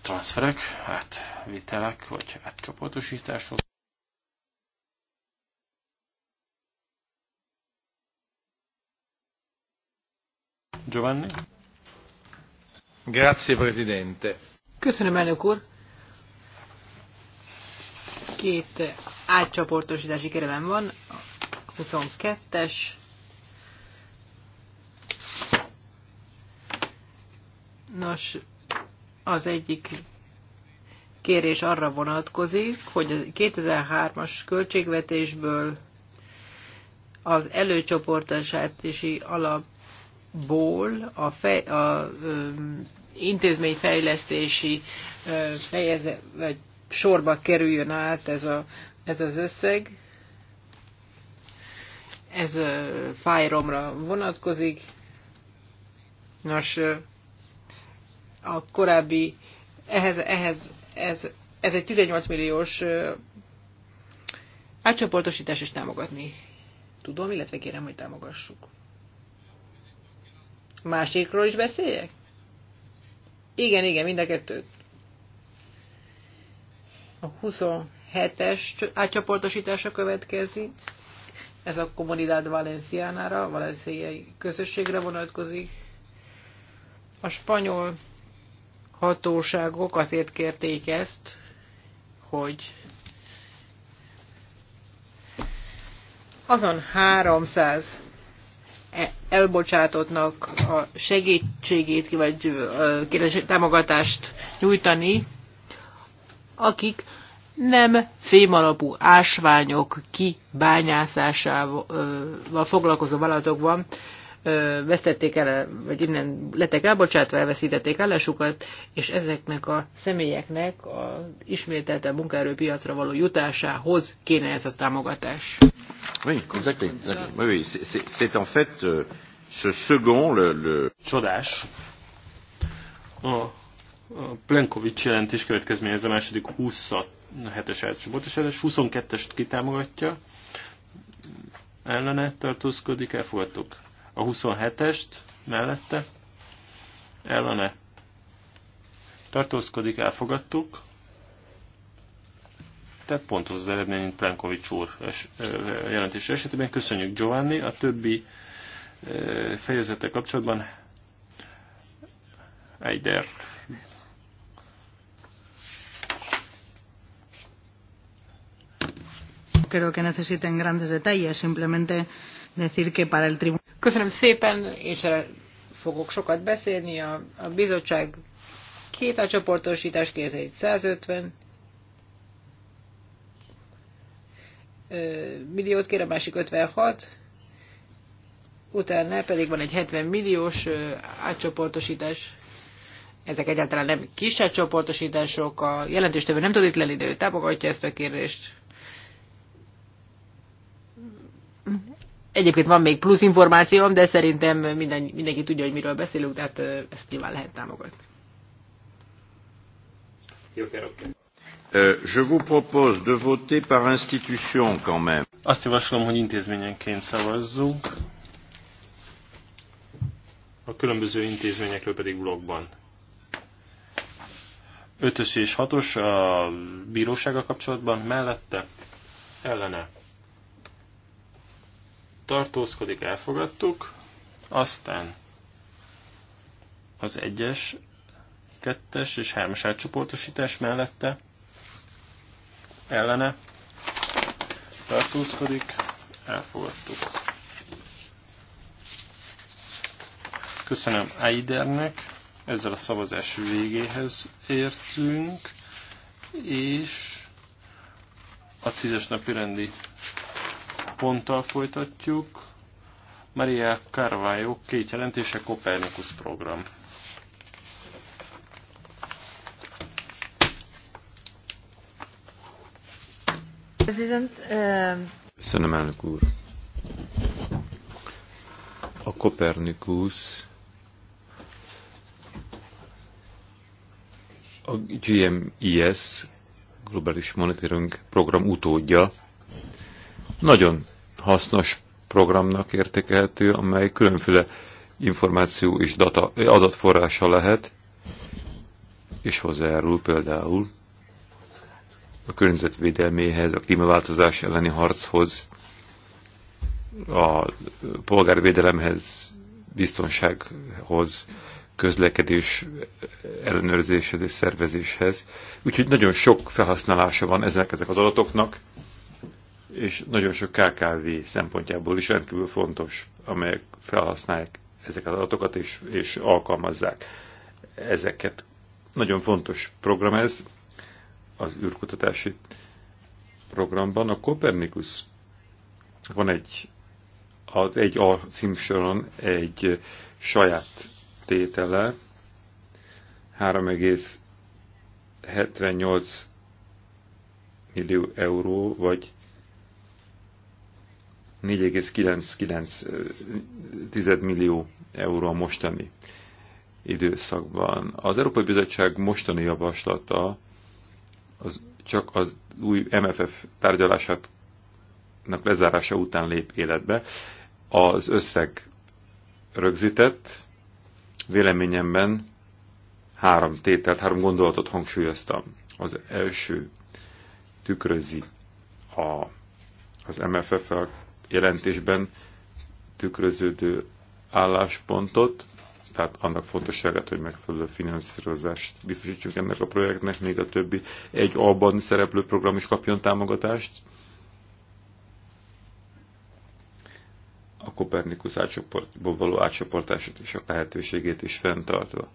Transferek, átvitelek vagy átcsoportosítások. Giovanni. Grazie, Presidente. Köszönöm, elnök úr. Két átcsoportosítási kérelem van. 22-es, Nos, az egyik kérés arra vonatkozik, hogy a 2003-as költségvetésből az előcsoportosítási alapból a, fe, a ö, intézményfejlesztési ö, fejeze, vagy sorba kerüljön át ez, a, ez az összeg. Ez fájromra vonatkozik. Nos, a korábbi, ehhez, ehhez ez, ez egy 18 milliós átcsoportosítás is támogatni tudom, illetve kérem, hogy támogassuk. Másikról is beszéljek? Igen, igen, mind a kettőt. A 27-es átcsoportosítása következik. Ez a Comunidad Valenciánára, valenciai közösségre vonatkozik. A spanyol hatóságok azért kérték ezt, hogy azon 300 elbocsátottnak a segítségét, vagy támogatást nyújtani, akik nem fémalapú ásványok kibányászásával foglalkozó vállalatokban vesztették el, vagy innen letek elbocsátva, elveszítették állásukat, és ezeknek a személyeknek a ismételte munkaerőpiacra való jutásához kéne ez a támogatás. Oui, exactly. Oui, c'est en fait euh, ce second le, le... Csodás. A, a Plenkovics jelentés következménye ez a második 27-es átcsoport, és ez 22-est kitámogatja, ellene tartózkodik, elfogadtuk a 27-est mellette, ellene tartózkodik, elfogadtuk. Tehát pontos az eredmény, mint Plenkovics úr es, jelentése esetében. Köszönjük Giovanni. A többi fejezete kapcsolatban Eider creo que necesiten grandes detalles. Simplemente decir que para el tribunal. Köszönöm szépen, és fogok sokat beszélni. A, a bizottság két a csoportosítás kérzeit 150 milliót kér, a másik 56, utána pedig van egy 70 milliós átcsoportosítás. Ezek egyáltalán nem kis átcsoportosítások, a jelentéstevő nem tud itt lenni, de ő támogatja ezt a kérdést. Egyébként van még plusz információm, de szerintem minden, mindenki tudja, hogy miről beszélünk, tehát ezt nyilván lehet támogatni. Jó, euh, Je vous propose de voter par institution quand même. Azt javaslom, hogy intézményenként szavazzunk, a különböző intézményekről pedig blogban. Ötös és hatos a bírósága kapcsolatban mellette ellene tartózkodik, elfogadtuk. Aztán az 1-es, 2-es és 3-as átcsoportosítás mellette ellene tartózkodik, elfogadtuk. Köszönöm Eidernek, ezzel a szavazás végéhez értünk, és a tízes napi rendi ponttal folytatjuk. Maria Carvalho két jelentése Kopernikus program. Um, Köszönöm, elnök úr. A Kopernikus a GMIS globális monitoring program utódja, nagyon hasznos programnak értékelhető, amely különféle információ és data, adatforrása lehet, és hozzájárul például a környezetvédelméhez, a klímaváltozás elleni harchoz, a polgárvédelemhez, biztonsághoz, közlekedés ellenőrzéshez és szervezéshez. Úgyhogy nagyon sok felhasználása van ezek, ezek az adatoknak, és nagyon sok KKV szempontjából is rendkívül fontos, amelyek felhasználják ezeket az adatokat és, és alkalmazzák ezeket. Nagyon fontos program ez az űrkutatási programban. A Copernicus van egy az egy A címsoron egy saját tétele 3,78 millió euró, vagy 4,99 millió euró a mostani időszakban. Az Európai Bizottság mostani javaslata az csak az új MFF tárgyalásának lezárása után lép életbe. Az összeg rögzített, véleményemben három tételt, három gondolatot hangsúlyoztam. Az első tükrözi a, az MFF-el jelentésben tükröződő álláspontot, tehát annak fontosságát, hogy megfelelő finanszírozást biztosítsunk ennek a projektnek, még a többi egy abban szereplő program is kapjon támogatást. A Kopernikus átcsoportból való átcsoportását és a lehetőségét is fenntartva.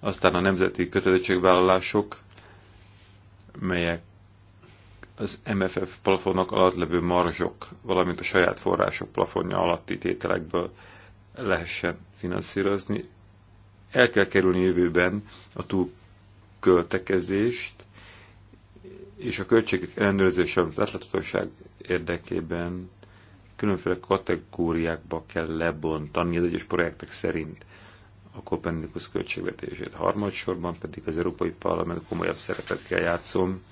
Aztán a nemzeti kötelezettségvállalások, melyek az MFF plafonok alatt levő marzsok, valamint a saját források plafonja alatti tételekből lehessen finanszírozni. El kell kerülni jövőben a túlköltekezést, és a költségek ellenőrzése az átláthatóság érdekében különféle kategóriákba kell lebontani az egyes projektek szerint a Copernicus költségvetését. Harmadsorban pedig az Európai Parlament komolyabb szerepet kell játszom,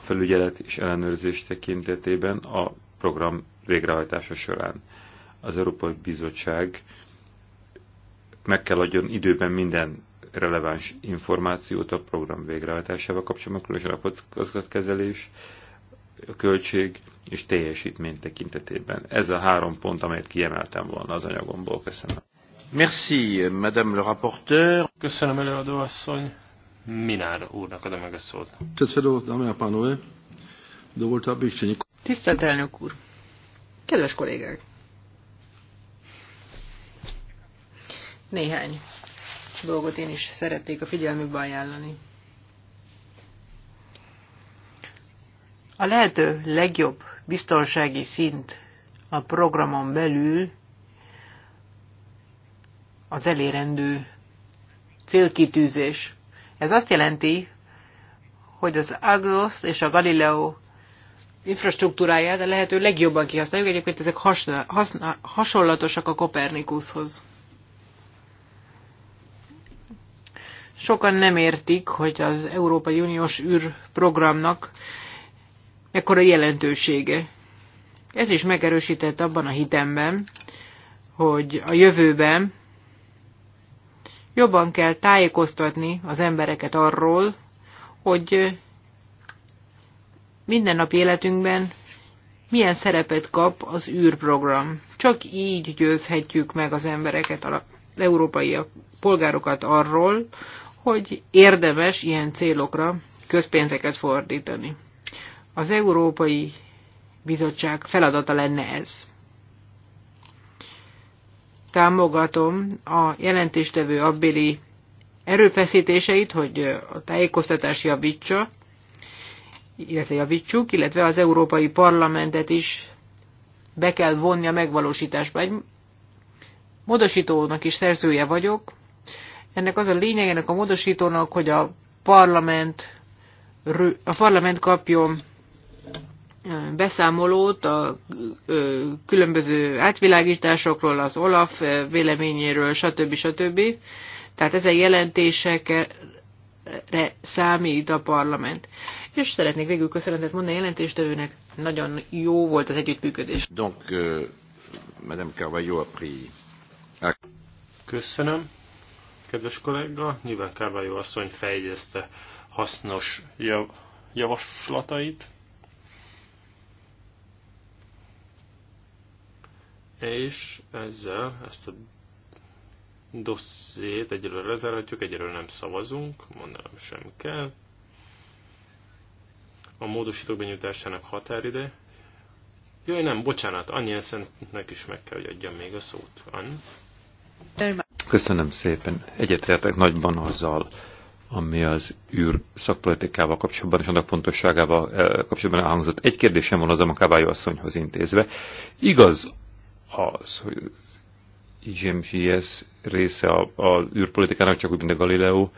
a felügyelet és ellenőrzés tekintetében a program végrehajtása során. Az Európai Bizottság meg kell adjon időben minden releváns információt a program végrehajtásával kapcsolatban, különösen a kockázatkezelés, a költség és teljesítmény tekintetében. Ez a három pont, amelyet kiemeltem volna az anyagomból. Köszönöm. Merci, Madame le rapporteur. Köszönöm, előadó asszony. Minár úrnak adom meg a szót. Tisztelt elnök úr! Kedves kollégák! Néhány dolgot én is szeretnék a figyelmükbe ajánlani. A lehető legjobb biztonsági szint a programon belül az elérendő célkitűzés. Ez azt jelenti, hogy az Agnos és a Galileo infrastruktúráját a lehető legjobban kihasználjuk. Egyébként ezek hasna, hasna, hasonlatosak a Kopernikushoz. Sokan nem értik, hogy az Európai Uniós űrprogramnak mekkora jelentősége. Ez is megerősített abban a hitemben, hogy a jövőben Jobban kell tájékoztatni az embereket arról, hogy mindennapi életünkben milyen szerepet kap az űrprogram. Csak így győzhetjük meg az embereket, az európai polgárokat arról, hogy érdemes ilyen célokra közpénzeket fordítani. Az Európai Bizottság feladata lenne ez támogatom a jelentéstevő abbéli erőfeszítéseit, hogy a tájékoztatás javítsa, illetve javítsuk, illetve az Európai Parlamentet is be kell vonni a megvalósításba. Egy módosítónak is szerzője vagyok. Ennek az a ennek a módosítónak, hogy a parlament, a parlament kapjon beszámolót a különböző átvilágításokról, az Olaf véleményéről, stb. stb. Tehát ezen jelentésekre számít a parlament. És szeretnék végül köszönetet mondani a jelentéstevőnek. Nagyon jó volt az együttműködés. Donc, euh, Madame Carvalho a Köszönöm, kedves kollega. Nyilván Carvalho asszony fejegyezte hasznos jav javaslatait. és ezzel ezt a dossziét egyelőre lezárhatjuk, egyelőre nem szavazunk, mondanám sem kell. A módosítók benyújtásának határide. Jaj, nem, bocsánat, annyi eszentnek is meg kell, hogy adjam még a szót. Ann? Köszönöm szépen. Egyetértek nagyban azzal, ami az űr szakpolitikával kapcsolatban és annak fontosságával eh, kapcsolatban elhangzott. Egy kérdésem van az a Kavályó asszonyhoz intézve. Igaz az, hogy IGMGS része a, a űrpolitikának, csak úgy, mint a Galileo,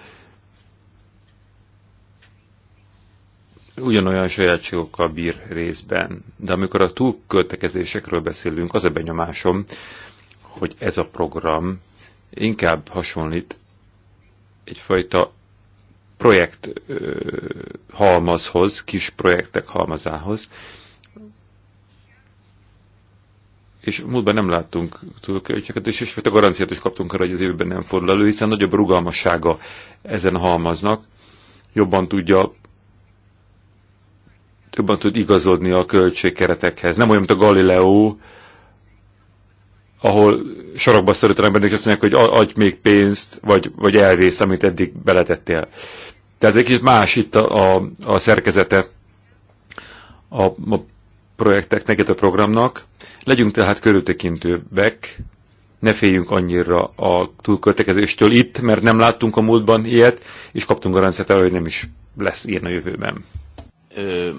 ugyanolyan sajátságokkal bír részben. De amikor a túlköltekezésekről beszélünk, az a benyomásom, hogy ez a program inkább hasonlít egyfajta projekt ö, halmazhoz, kis projektek halmazához, és múltban nem láttunk túlköltségeket, és hát a garanciát is kaptunk arra, hogy az évben nem fordul elő, hiszen nagyobb rugalmassága ezen halmaznak, jobban tudja jobban tud igazodni a költségkeretekhez. Nem olyan, mint a Galileo, ahol sorokba szorítanak és azt mondják, hogy adj még pénzt, vagy, vagy elvész, amit eddig beletettél. Tehát egy kicsit más itt a, a, a szerkezete a, a projekteknek, a programnak, Legyünk tehát körültekintőbbek, ne féljünk annyira a túlköltekezéstől itt, mert nem láttunk a múltban ilyet, és kaptunk garanciát arra, hogy nem is lesz ilyen a jövőben. Ö,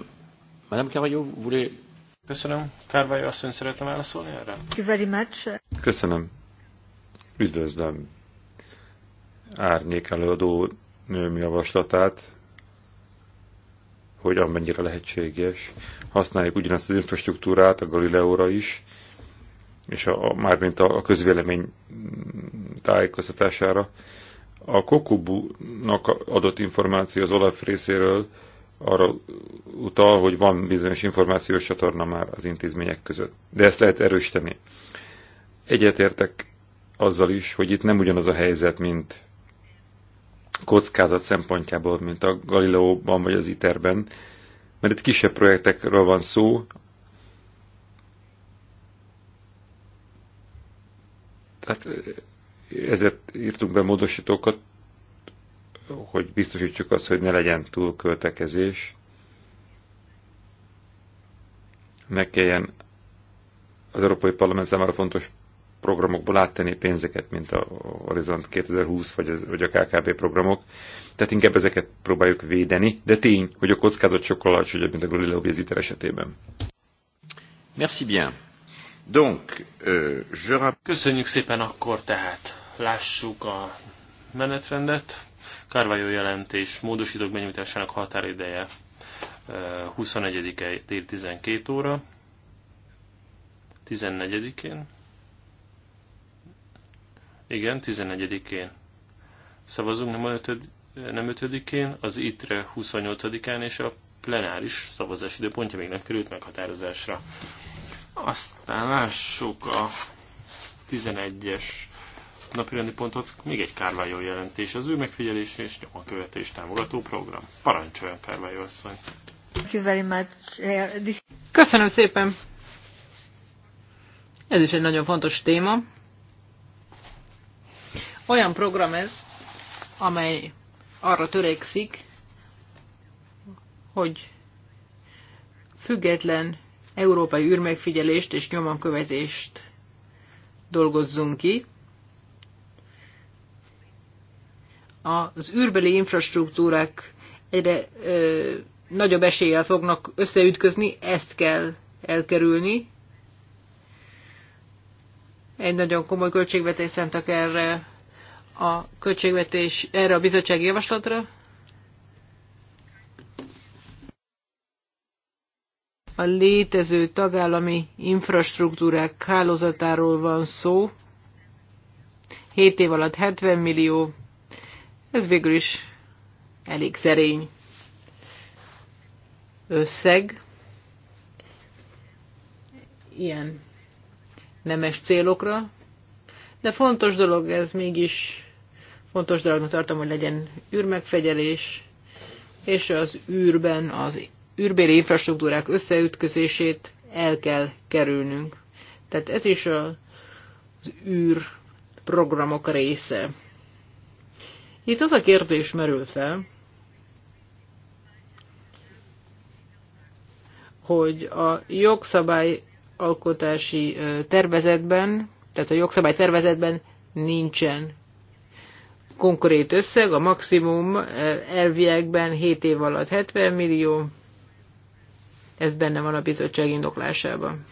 nem kell, hogy úr, Köszönöm. Kárvályó asszony szeretem válaszolni erre? Thank you very much. Köszönöm. Üdvözlöm. Árnyék előadó nőm javaslatát hogy amennyire lehetséges, használjuk ugyanazt az infrastruktúrát a Galileóra is, és a, a, mármint a, a közvélemény tájékoztatására. A Kokubu-nak adott információ az Olaf részéről arra utal, hogy van bizonyos információs csatorna már az intézmények között. De ezt lehet erősíteni. Egyetértek azzal is, hogy itt nem ugyanaz a helyzet, mint kockázat szempontjából, mint a Galileóban vagy az ITER-ben, mert itt kisebb projektekről van szó, tehát eh, ezért írtunk be módosítókat, hogy biztosítsuk azt, hogy ne legyen túl költekezés. ne kelljen az Európai Parlament számára fontos programokból áttenni pénzeket, mint a Horizont 2020 vagy, az, vagy a KKB programok. Tehát inkább ezeket próbáljuk védeni, de tény, hogy a kockázat sokkal alacsonyabb, mint a Galileo Vizitel esetében. Merci bien. Donc, euh, je... Köszönjük szépen akkor tehát. Lássuk a menetrendet. Kárvályó jelentés módosítók benyújtásának határideje 21-e euh, 12 óra. 14-én igen, 11-én. Szavazunk nem, ötöd, nem ötödikén, az ITRE 28-án és a plenáris szavazás időpontja még nem került meghatározásra. Aztán lássuk a 11-es napirendi pontot, még egy Kárvályó jelentés, az ő megfigyelés és nyomakövetés támogató program. Parancsoljon Kárvályó asszony! Eh, Köszönöm szépen! Ez is egy nagyon fontos téma. Olyan program ez, amely arra törekszik, hogy független európai űrmegfigyelést és nyomonkövetést dolgozzunk ki. Az űrbeli infrastruktúrák egyre ö, nagyobb eséllyel fognak összeütközni, ezt kell elkerülni. Egy nagyon komoly költségvetést szentek erre a költségvetés erre a bizottsági javaslatra. A létező tagállami infrastruktúrák hálózatáról van szó. 7 év alatt 70 millió. Ez végül is elég szerény összeg. Ilyen nemes célokra, de fontos dolog ez mégis, fontos dolognak tartom, hogy legyen űrmegfegyelés, és az űrben az űrbéli infrastruktúrák összeütközését el kell kerülnünk. Tehát ez is az űr programok része. Itt az a kérdés merül fel, hogy a jogszabály alkotási tervezetben tehát a jogszabálytervezetben nincsen konkrét összeg, a maximum eh, elviekben 7 év alatt 70 millió, ez benne van a bizottság indoklásában.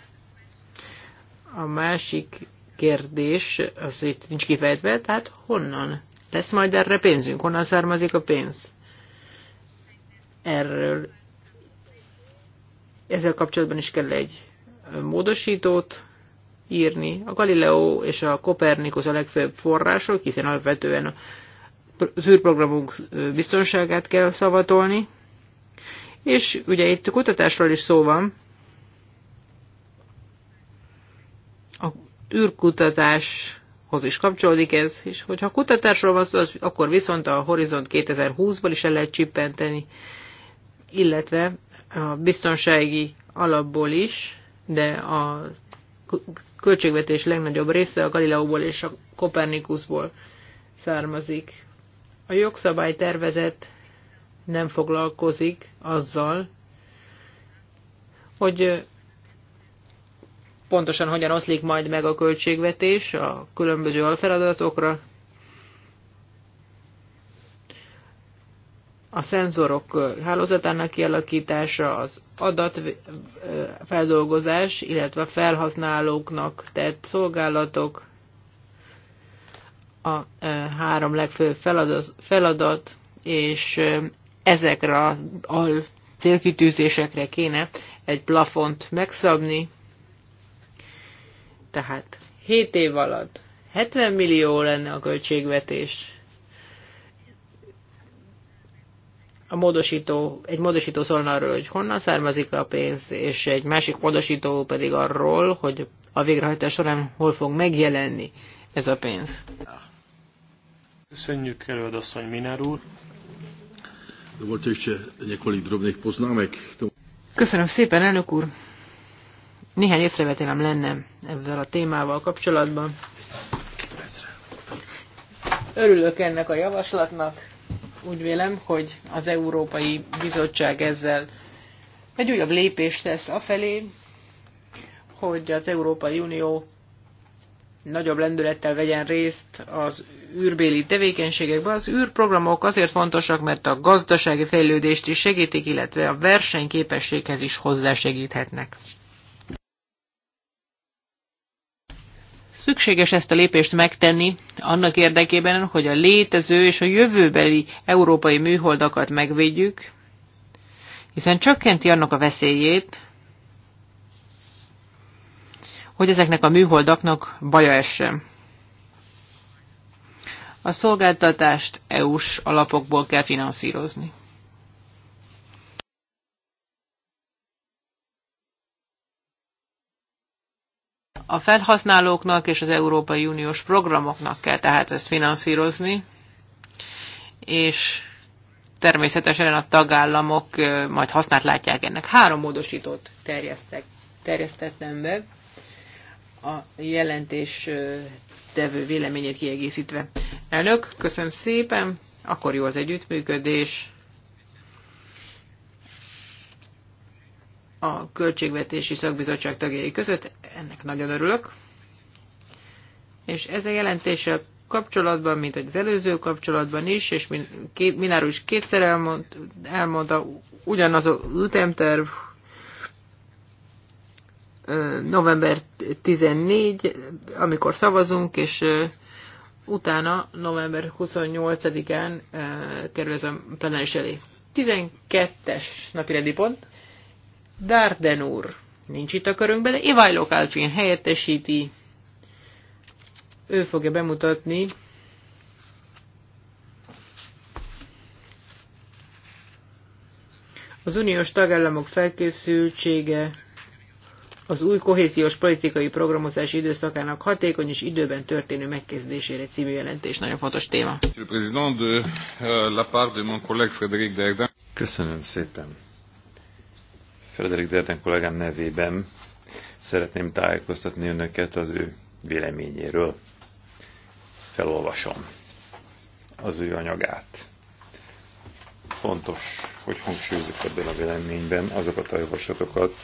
A másik kérdés, az itt nincs kifejtve, tehát honnan lesz majd erre pénzünk, honnan származik a pénz? Erről ezzel kapcsolatban is kell egy módosítót írni. A Galileo és a Kopernikus a legfőbb források, hiszen alapvetően az űrprogramunk biztonságát kell szavatolni. És ugye itt a kutatásról is szó van. A űrkutatáshoz is kapcsolódik ez, és hogyha kutatásról van szó, az, akkor viszont a Horizont 2020-ból is el lehet csippenteni, illetve a biztonsági alapból is, de a költségvetés legnagyobb része a Galileóból és a Kopernikusból származik. A jogszabály tervezet nem foglalkozik azzal, hogy pontosan hogyan oszlik majd meg a költségvetés a különböző alfeladatokra, a szenzorok hálózatának kialakítása, az adatfeldolgozás, illetve a felhasználóknak tett szolgálatok, a három legfőbb feladat, feladat és ezekre a célkitűzésekre kéne egy plafont megszabni. Tehát 7 év alatt 70 millió lenne a költségvetés, a módosító, egy módosító szólna arról, hogy honnan származik a pénz, és egy másik módosító pedig arról, hogy a végrehajtás során hol fog megjelenni ez a pénz. Köszönjük előadasszony Minár úr. Volt ještě poznámek. Köszönöm szépen, elnök úr. Néhány észrevetélem lenne ezzel a témával kapcsolatban. Örülök ennek a javaslatnak úgy vélem, hogy az Európai Bizottság ezzel egy újabb lépést tesz afelé, hogy az Európai Unió nagyobb lendülettel vegyen részt az űrbéli tevékenységekben. Az űrprogramok azért fontosak, mert a gazdasági fejlődést is segítik, illetve a versenyképességhez is hozzásegíthetnek. Szükséges ezt a lépést megtenni annak érdekében, hogy a létező és a jövőbeli európai műholdakat megvédjük, hiszen csökkenti annak a veszélyét, hogy ezeknek a műholdaknak baja essen. A szolgáltatást EU-s alapokból kell finanszírozni. A felhasználóknak és az Európai Uniós programoknak kell tehát ezt finanszírozni, és természetesen a tagállamok majd hasznát látják ennek. Három módosítót terjesztek, terjesztettem be a jelentés tevő véleményét kiegészítve. Elnök, köszönöm szépen, akkor jó az együttműködés. a Költségvetési Szakbizottság tagjai között. Ennek nagyon örülök. És ez a jelentése kapcsolatban, mint az előző kapcsolatban is, és Minár is kétszer elmond, elmondta, ugyanaz a ütemterv, november 14, amikor szavazunk, és utána november 28-án kerül ez a plenáris elé. 12-es napi pont. Darden úr nincs itt a körünkben, de Ivaj Lokálfin helyettesíti. Ő fogja bemutatni az uniós tagállamok felkészültsége az új kohéziós politikai programozási időszakának hatékony és időben történő megkezdésére című jelentés. Nagyon fontos téma. Euh, Köszönöm szépen. Frederik Derden kollégám nevében szeretném tájékoztatni önöket az ő véleményéről. Felolvasom az ő anyagát. Fontos, hogy hangsúlyozzuk ebben a véleményben azokat a javaslatokat,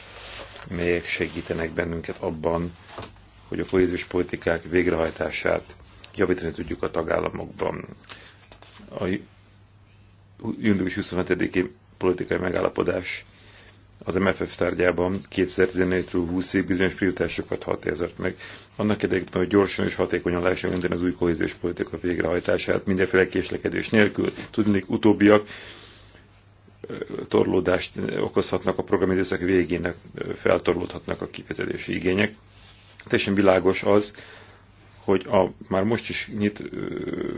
melyek segítenek bennünket abban, hogy a kohéziós politikák végrehajtását javítani tudjuk a tagállamokban. A június 27-i politikai megállapodás az MFF tárgyában 2014-20-ig bizonyos prioritásokat határozott meg. Annak érdekében, hogy gyorsan és hatékonyan lehessen minden az új kohéziós politika végrehajtását, mindenféle késlekedés nélkül. Tudnék, utóbbiak torlódást okozhatnak a programidőszak végének, feltorlódhatnak a kifizetési igények. Teljesen világos az, hogy a már most is nyit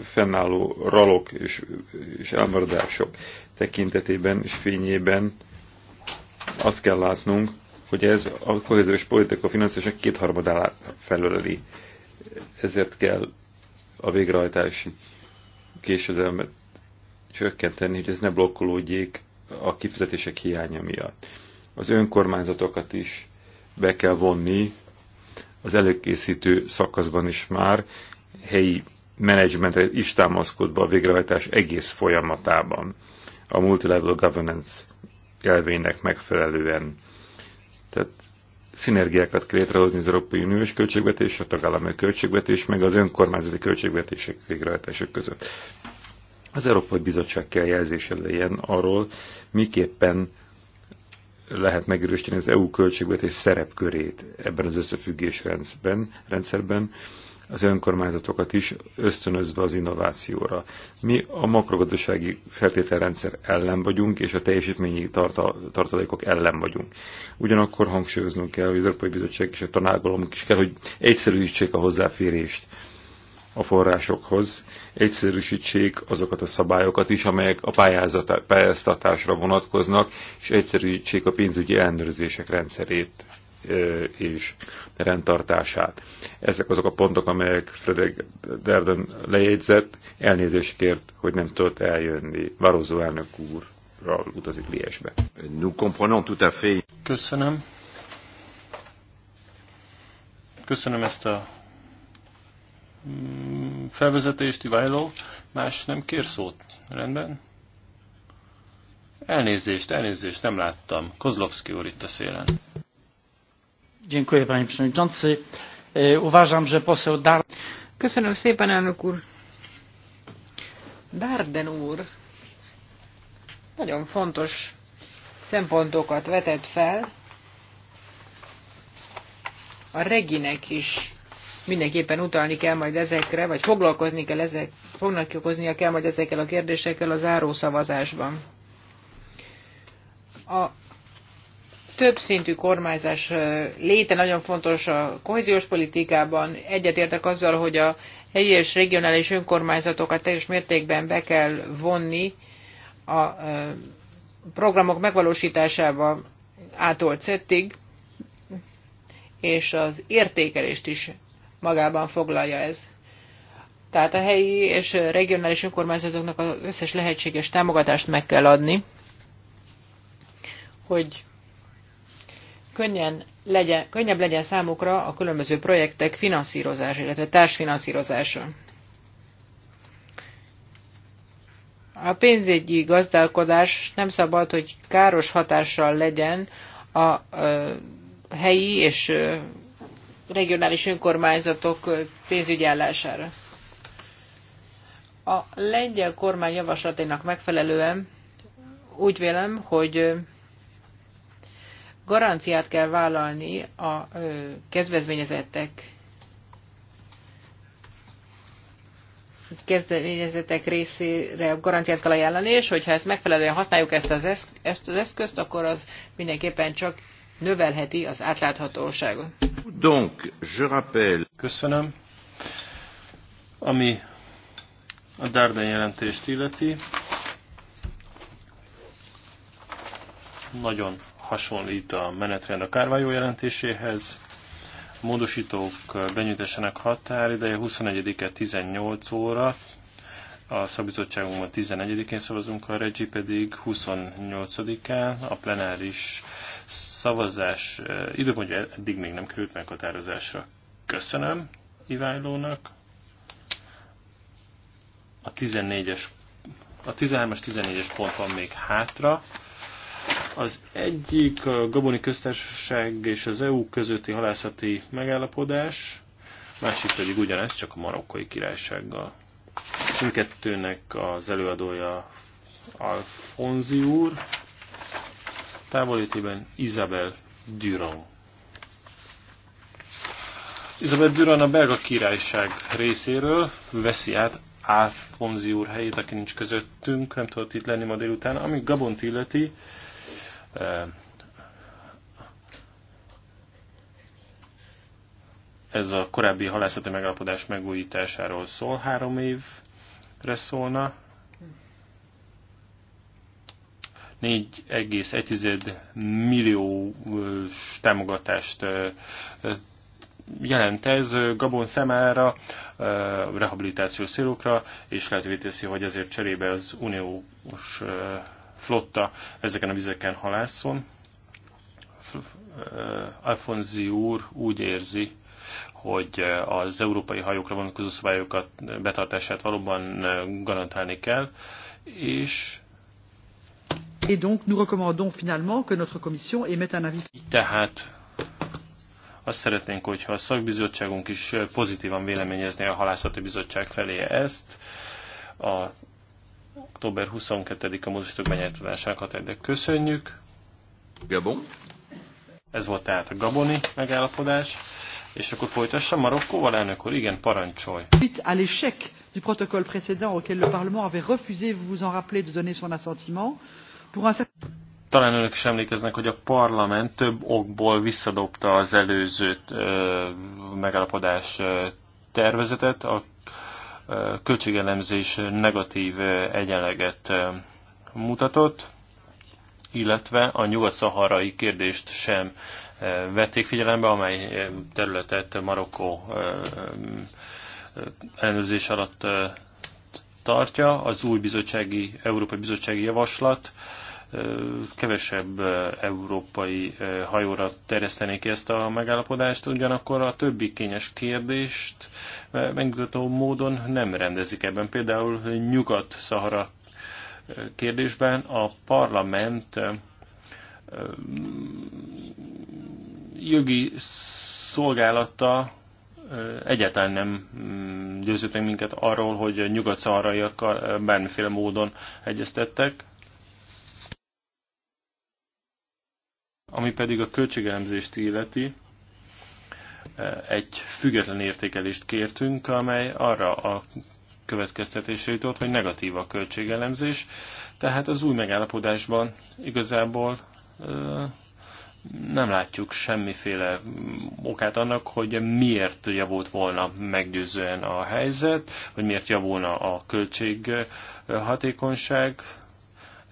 fennálló ralok és, és elmaradások tekintetében és fényében azt kell látnunk, hogy ez a kohéziós politika finanszírozása kétharmadára felöleli. Ezért kell a végrehajtási késedelmet csökkenteni, hogy ez ne blokkolódjék a kifizetések hiánya miatt. Az önkormányzatokat is be kell vonni az előkészítő szakaszban is már helyi menedzsmentre is támaszkodva a végrehajtás egész folyamatában a multilevel governance elvének megfelelően. Tehát szinergiákat kell létrehozni az Európai Uniós költségvetés, a tagállami költségvetés, meg az önkormányzati költségvetések végrehajtások között. Az Európai Bizottság kell jelzése legyen arról, miképpen lehet megerősíteni az EU költségvetés szerepkörét ebben az összefüggés rendszerben, rendszerben az önkormányzatokat is ösztönözve az innovációra. Mi a makrogazdasági feltételrendszer ellen vagyunk, és a teljesítményi tartalékok ellen vagyunk. Ugyanakkor hangsúlyoznunk kell, hogy az Európai Bizottság és a tanácsalomok is kell, hogy egyszerűsítsék a hozzáférést a forrásokhoz, egyszerűsítsék azokat a szabályokat is, amelyek a pályáztatásra vonatkoznak, és egyszerűsítsék a pénzügyi ellenőrzések rendszerét és rendtartását. Ezek azok a pontok, amelyek Frederick Derden lejegyzett, elnézést kért, hogy nem tudott eljönni. Barozó elnök úrral utazik Liesbe. Köszönöm. Köszönöm ezt a mm, felvezetést, Iváló. Más nem kér szót? Rendben? Elnézést, elnézést, nem láttam. Kozlovszki úr itt a szélen. Dziękuję, panie przewodniczący. E, uważam, że poseł Dar... Köszönöm szépen, elnök úr. Darden úr nagyon fontos szempontokat vetett fel. A reginek is mindenképpen utalni kell majd ezekre, vagy foglalkozni kell ezek, foglalkoznia kell majd ezekkel a kérdésekkel az szavazásban. A több szintű kormányzás léte nagyon fontos a kohéziós politikában. Egyetértek azzal, hogy a helyi és regionális önkormányzatokat teljes mértékben be kell vonni a programok megvalósításába ától cettig, és az értékelést is magában foglalja ez. Tehát a helyi és regionális önkormányzatoknak az összes lehetséges támogatást meg kell adni, hogy könnyen legyen, könnyebb legyen számukra a különböző projektek finanszírozása, illetve társfinanszírozása. A pénzügyi gazdálkodás nem szabad, hogy káros hatással legyen a helyi és regionális önkormányzatok pénzügyi állására. A lengyel kormány javaslatainak megfelelően úgy vélem, hogy garanciát kell vállalni a kedvezményezettek kezdeményezetek részére garanciát kell ajánlani, és hogyha ezt megfelelően használjuk ezt az, eszk- ezt az eszközt, akkor az mindenképpen csak növelheti az átláthatóságot. Donc, je rappelle... Köszönöm. Ami a Darden jelentést illeti, nagyon hasonlít a menetrend a kárvájó jelentéséhez. A módosítók benyújtásának határideje 21-e 18 óra, a szabizottságunkban 11-én szavazunk, a Regi pedig 28-án, a plenáris szavazás eh, időpontja eddig még nem került meghatározásra. Köszönöm Iványlónak. A 14-es a 13-as, 14-es pont van még hátra. Az egyik a Gaboni Köztársaság és az EU közötti halászati megállapodás, másik pedig ugyanez, csak a marokkai királysággal. Mindkettőnek az előadója Alfonzi úr, távolítében Isabel Durand. Isabel Durand a belga királyság részéről veszi át Alfonzi úr helyét, aki nincs közöttünk, nem tudott itt lenni ma délután. Ami Gabont illeti, ez a korábbi halászati megállapodás megújításáról szól, három évre szólna. 4,1 millió támogatást jelent ez Gabon szemára, rehabilitációs célokra, és lehetővé teszi, hogy ezért cserébe az uniós flotta ezeken a vizeken halászon. Alfonzi úr úgy érzi, hogy az európai hajókra vonatkozó szabályokat betartását valóban garantálni kell, és Et donc nous recommandons finalement que notre commission émette un avis. Tehát azt szeretnénk, hogyha a szakbizottságunk is pozitívan véleményezné a halászati bizottság felé ezt, a október 22-a mozisítók benyeltudásának egyre Köszönjük! Gabon. Ez volt tehát a gaboni megállapodás. És akkor folytassa Marokkóval, elnök úr, igen, parancsolj. Suite à l'échec du protocole précédent auquel le Parlement avait refusé, vous vous en rappelez, de donner son assentiment, pour un certain... Talán önök is emlékeznek, hogy a parlament több okból visszadobta az előző ö, megállapodás ö, tervezetet, a költségelemzés negatív egyenleget mutatott, illetve a nyugat-szaharai kérdést sem vették figyelembe, amely területet Marokkó ellenőrzés alatt tartja. Az új bizottsági, Európai Bizottsági Javaslat kevesebb európai hajóra terjesztenék ezt a megállapodást, ugyanakkor a többi kényes kérdést megnyugtató módon nem rendezik ebben. Például Nyugat-Szahara kérdésben a parlament jogi szolgálata egyáltalán nem mm, győzött meg minket arról, hogy nyugat-szaharaiakkal bármiféle módon egyeztettek. Ami pedig a költségelemzést illeti, eh, egy független értékelést kértünk, amely arra a következtetésre jutott, hogy negatív a költségelemzés, tehát az új megállapodásban igazából eh, nem látjuk semmiféle mm, okát annak, hogy miért javult volna meggyőzően a helyzet, vagy miért javulna a költség eh, hatékonyság.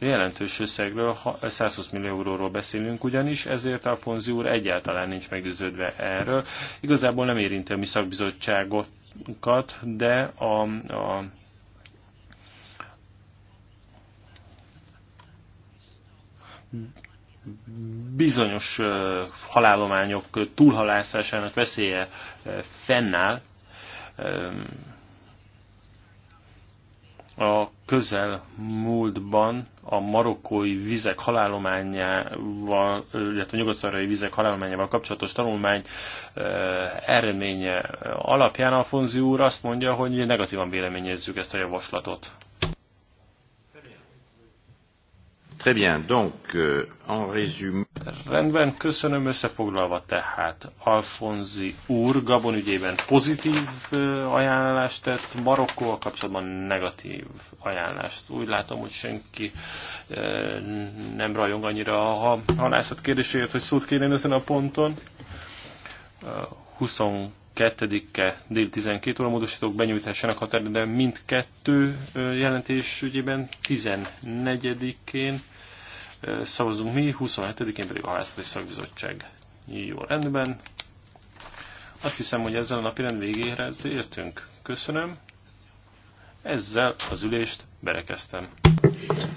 Jelentős összegről, 120 millió euróról beszélünk ugyanis, ezért Alfonzi úr egyáltalán nincs meggyőződve erről. Igazából nem érinti a mi szakbizottságokat, de a, a bizonyos halálományok túlhalászásának veszélye fennáll. A közel múltban a marokkói vizek halálományával, illetve a nyugat vizek halálományával kapcsolatos tanulmány eredménye alapján Alfonzi úr azt mondja, hogy negatívan véleményezzük ezt a javaslatot. Très bien. Donc, euh, en résumé... Rendben, köszönöm összefoglalva tehát. Alfonzi úr Gabon ügyében pozitív ajánlást tett, Marokkóval kapcsolatban negatív ajánlást. Úgy látom, hogy senki nem rajong annyira a halászat kérdéséért, hogy szót kéne ezen a ponton. 22-e dél 12 óra módosítók határa, de mindkettő jelentés ügyében 14-én szavazunk mi, 27-én pedig a Hászlati Szakbizottság. Jó rendben. Azt hiszem, hogy ezzel a napi rend végére értünk. Köszönöm. Ezzel az ülést berekeztem.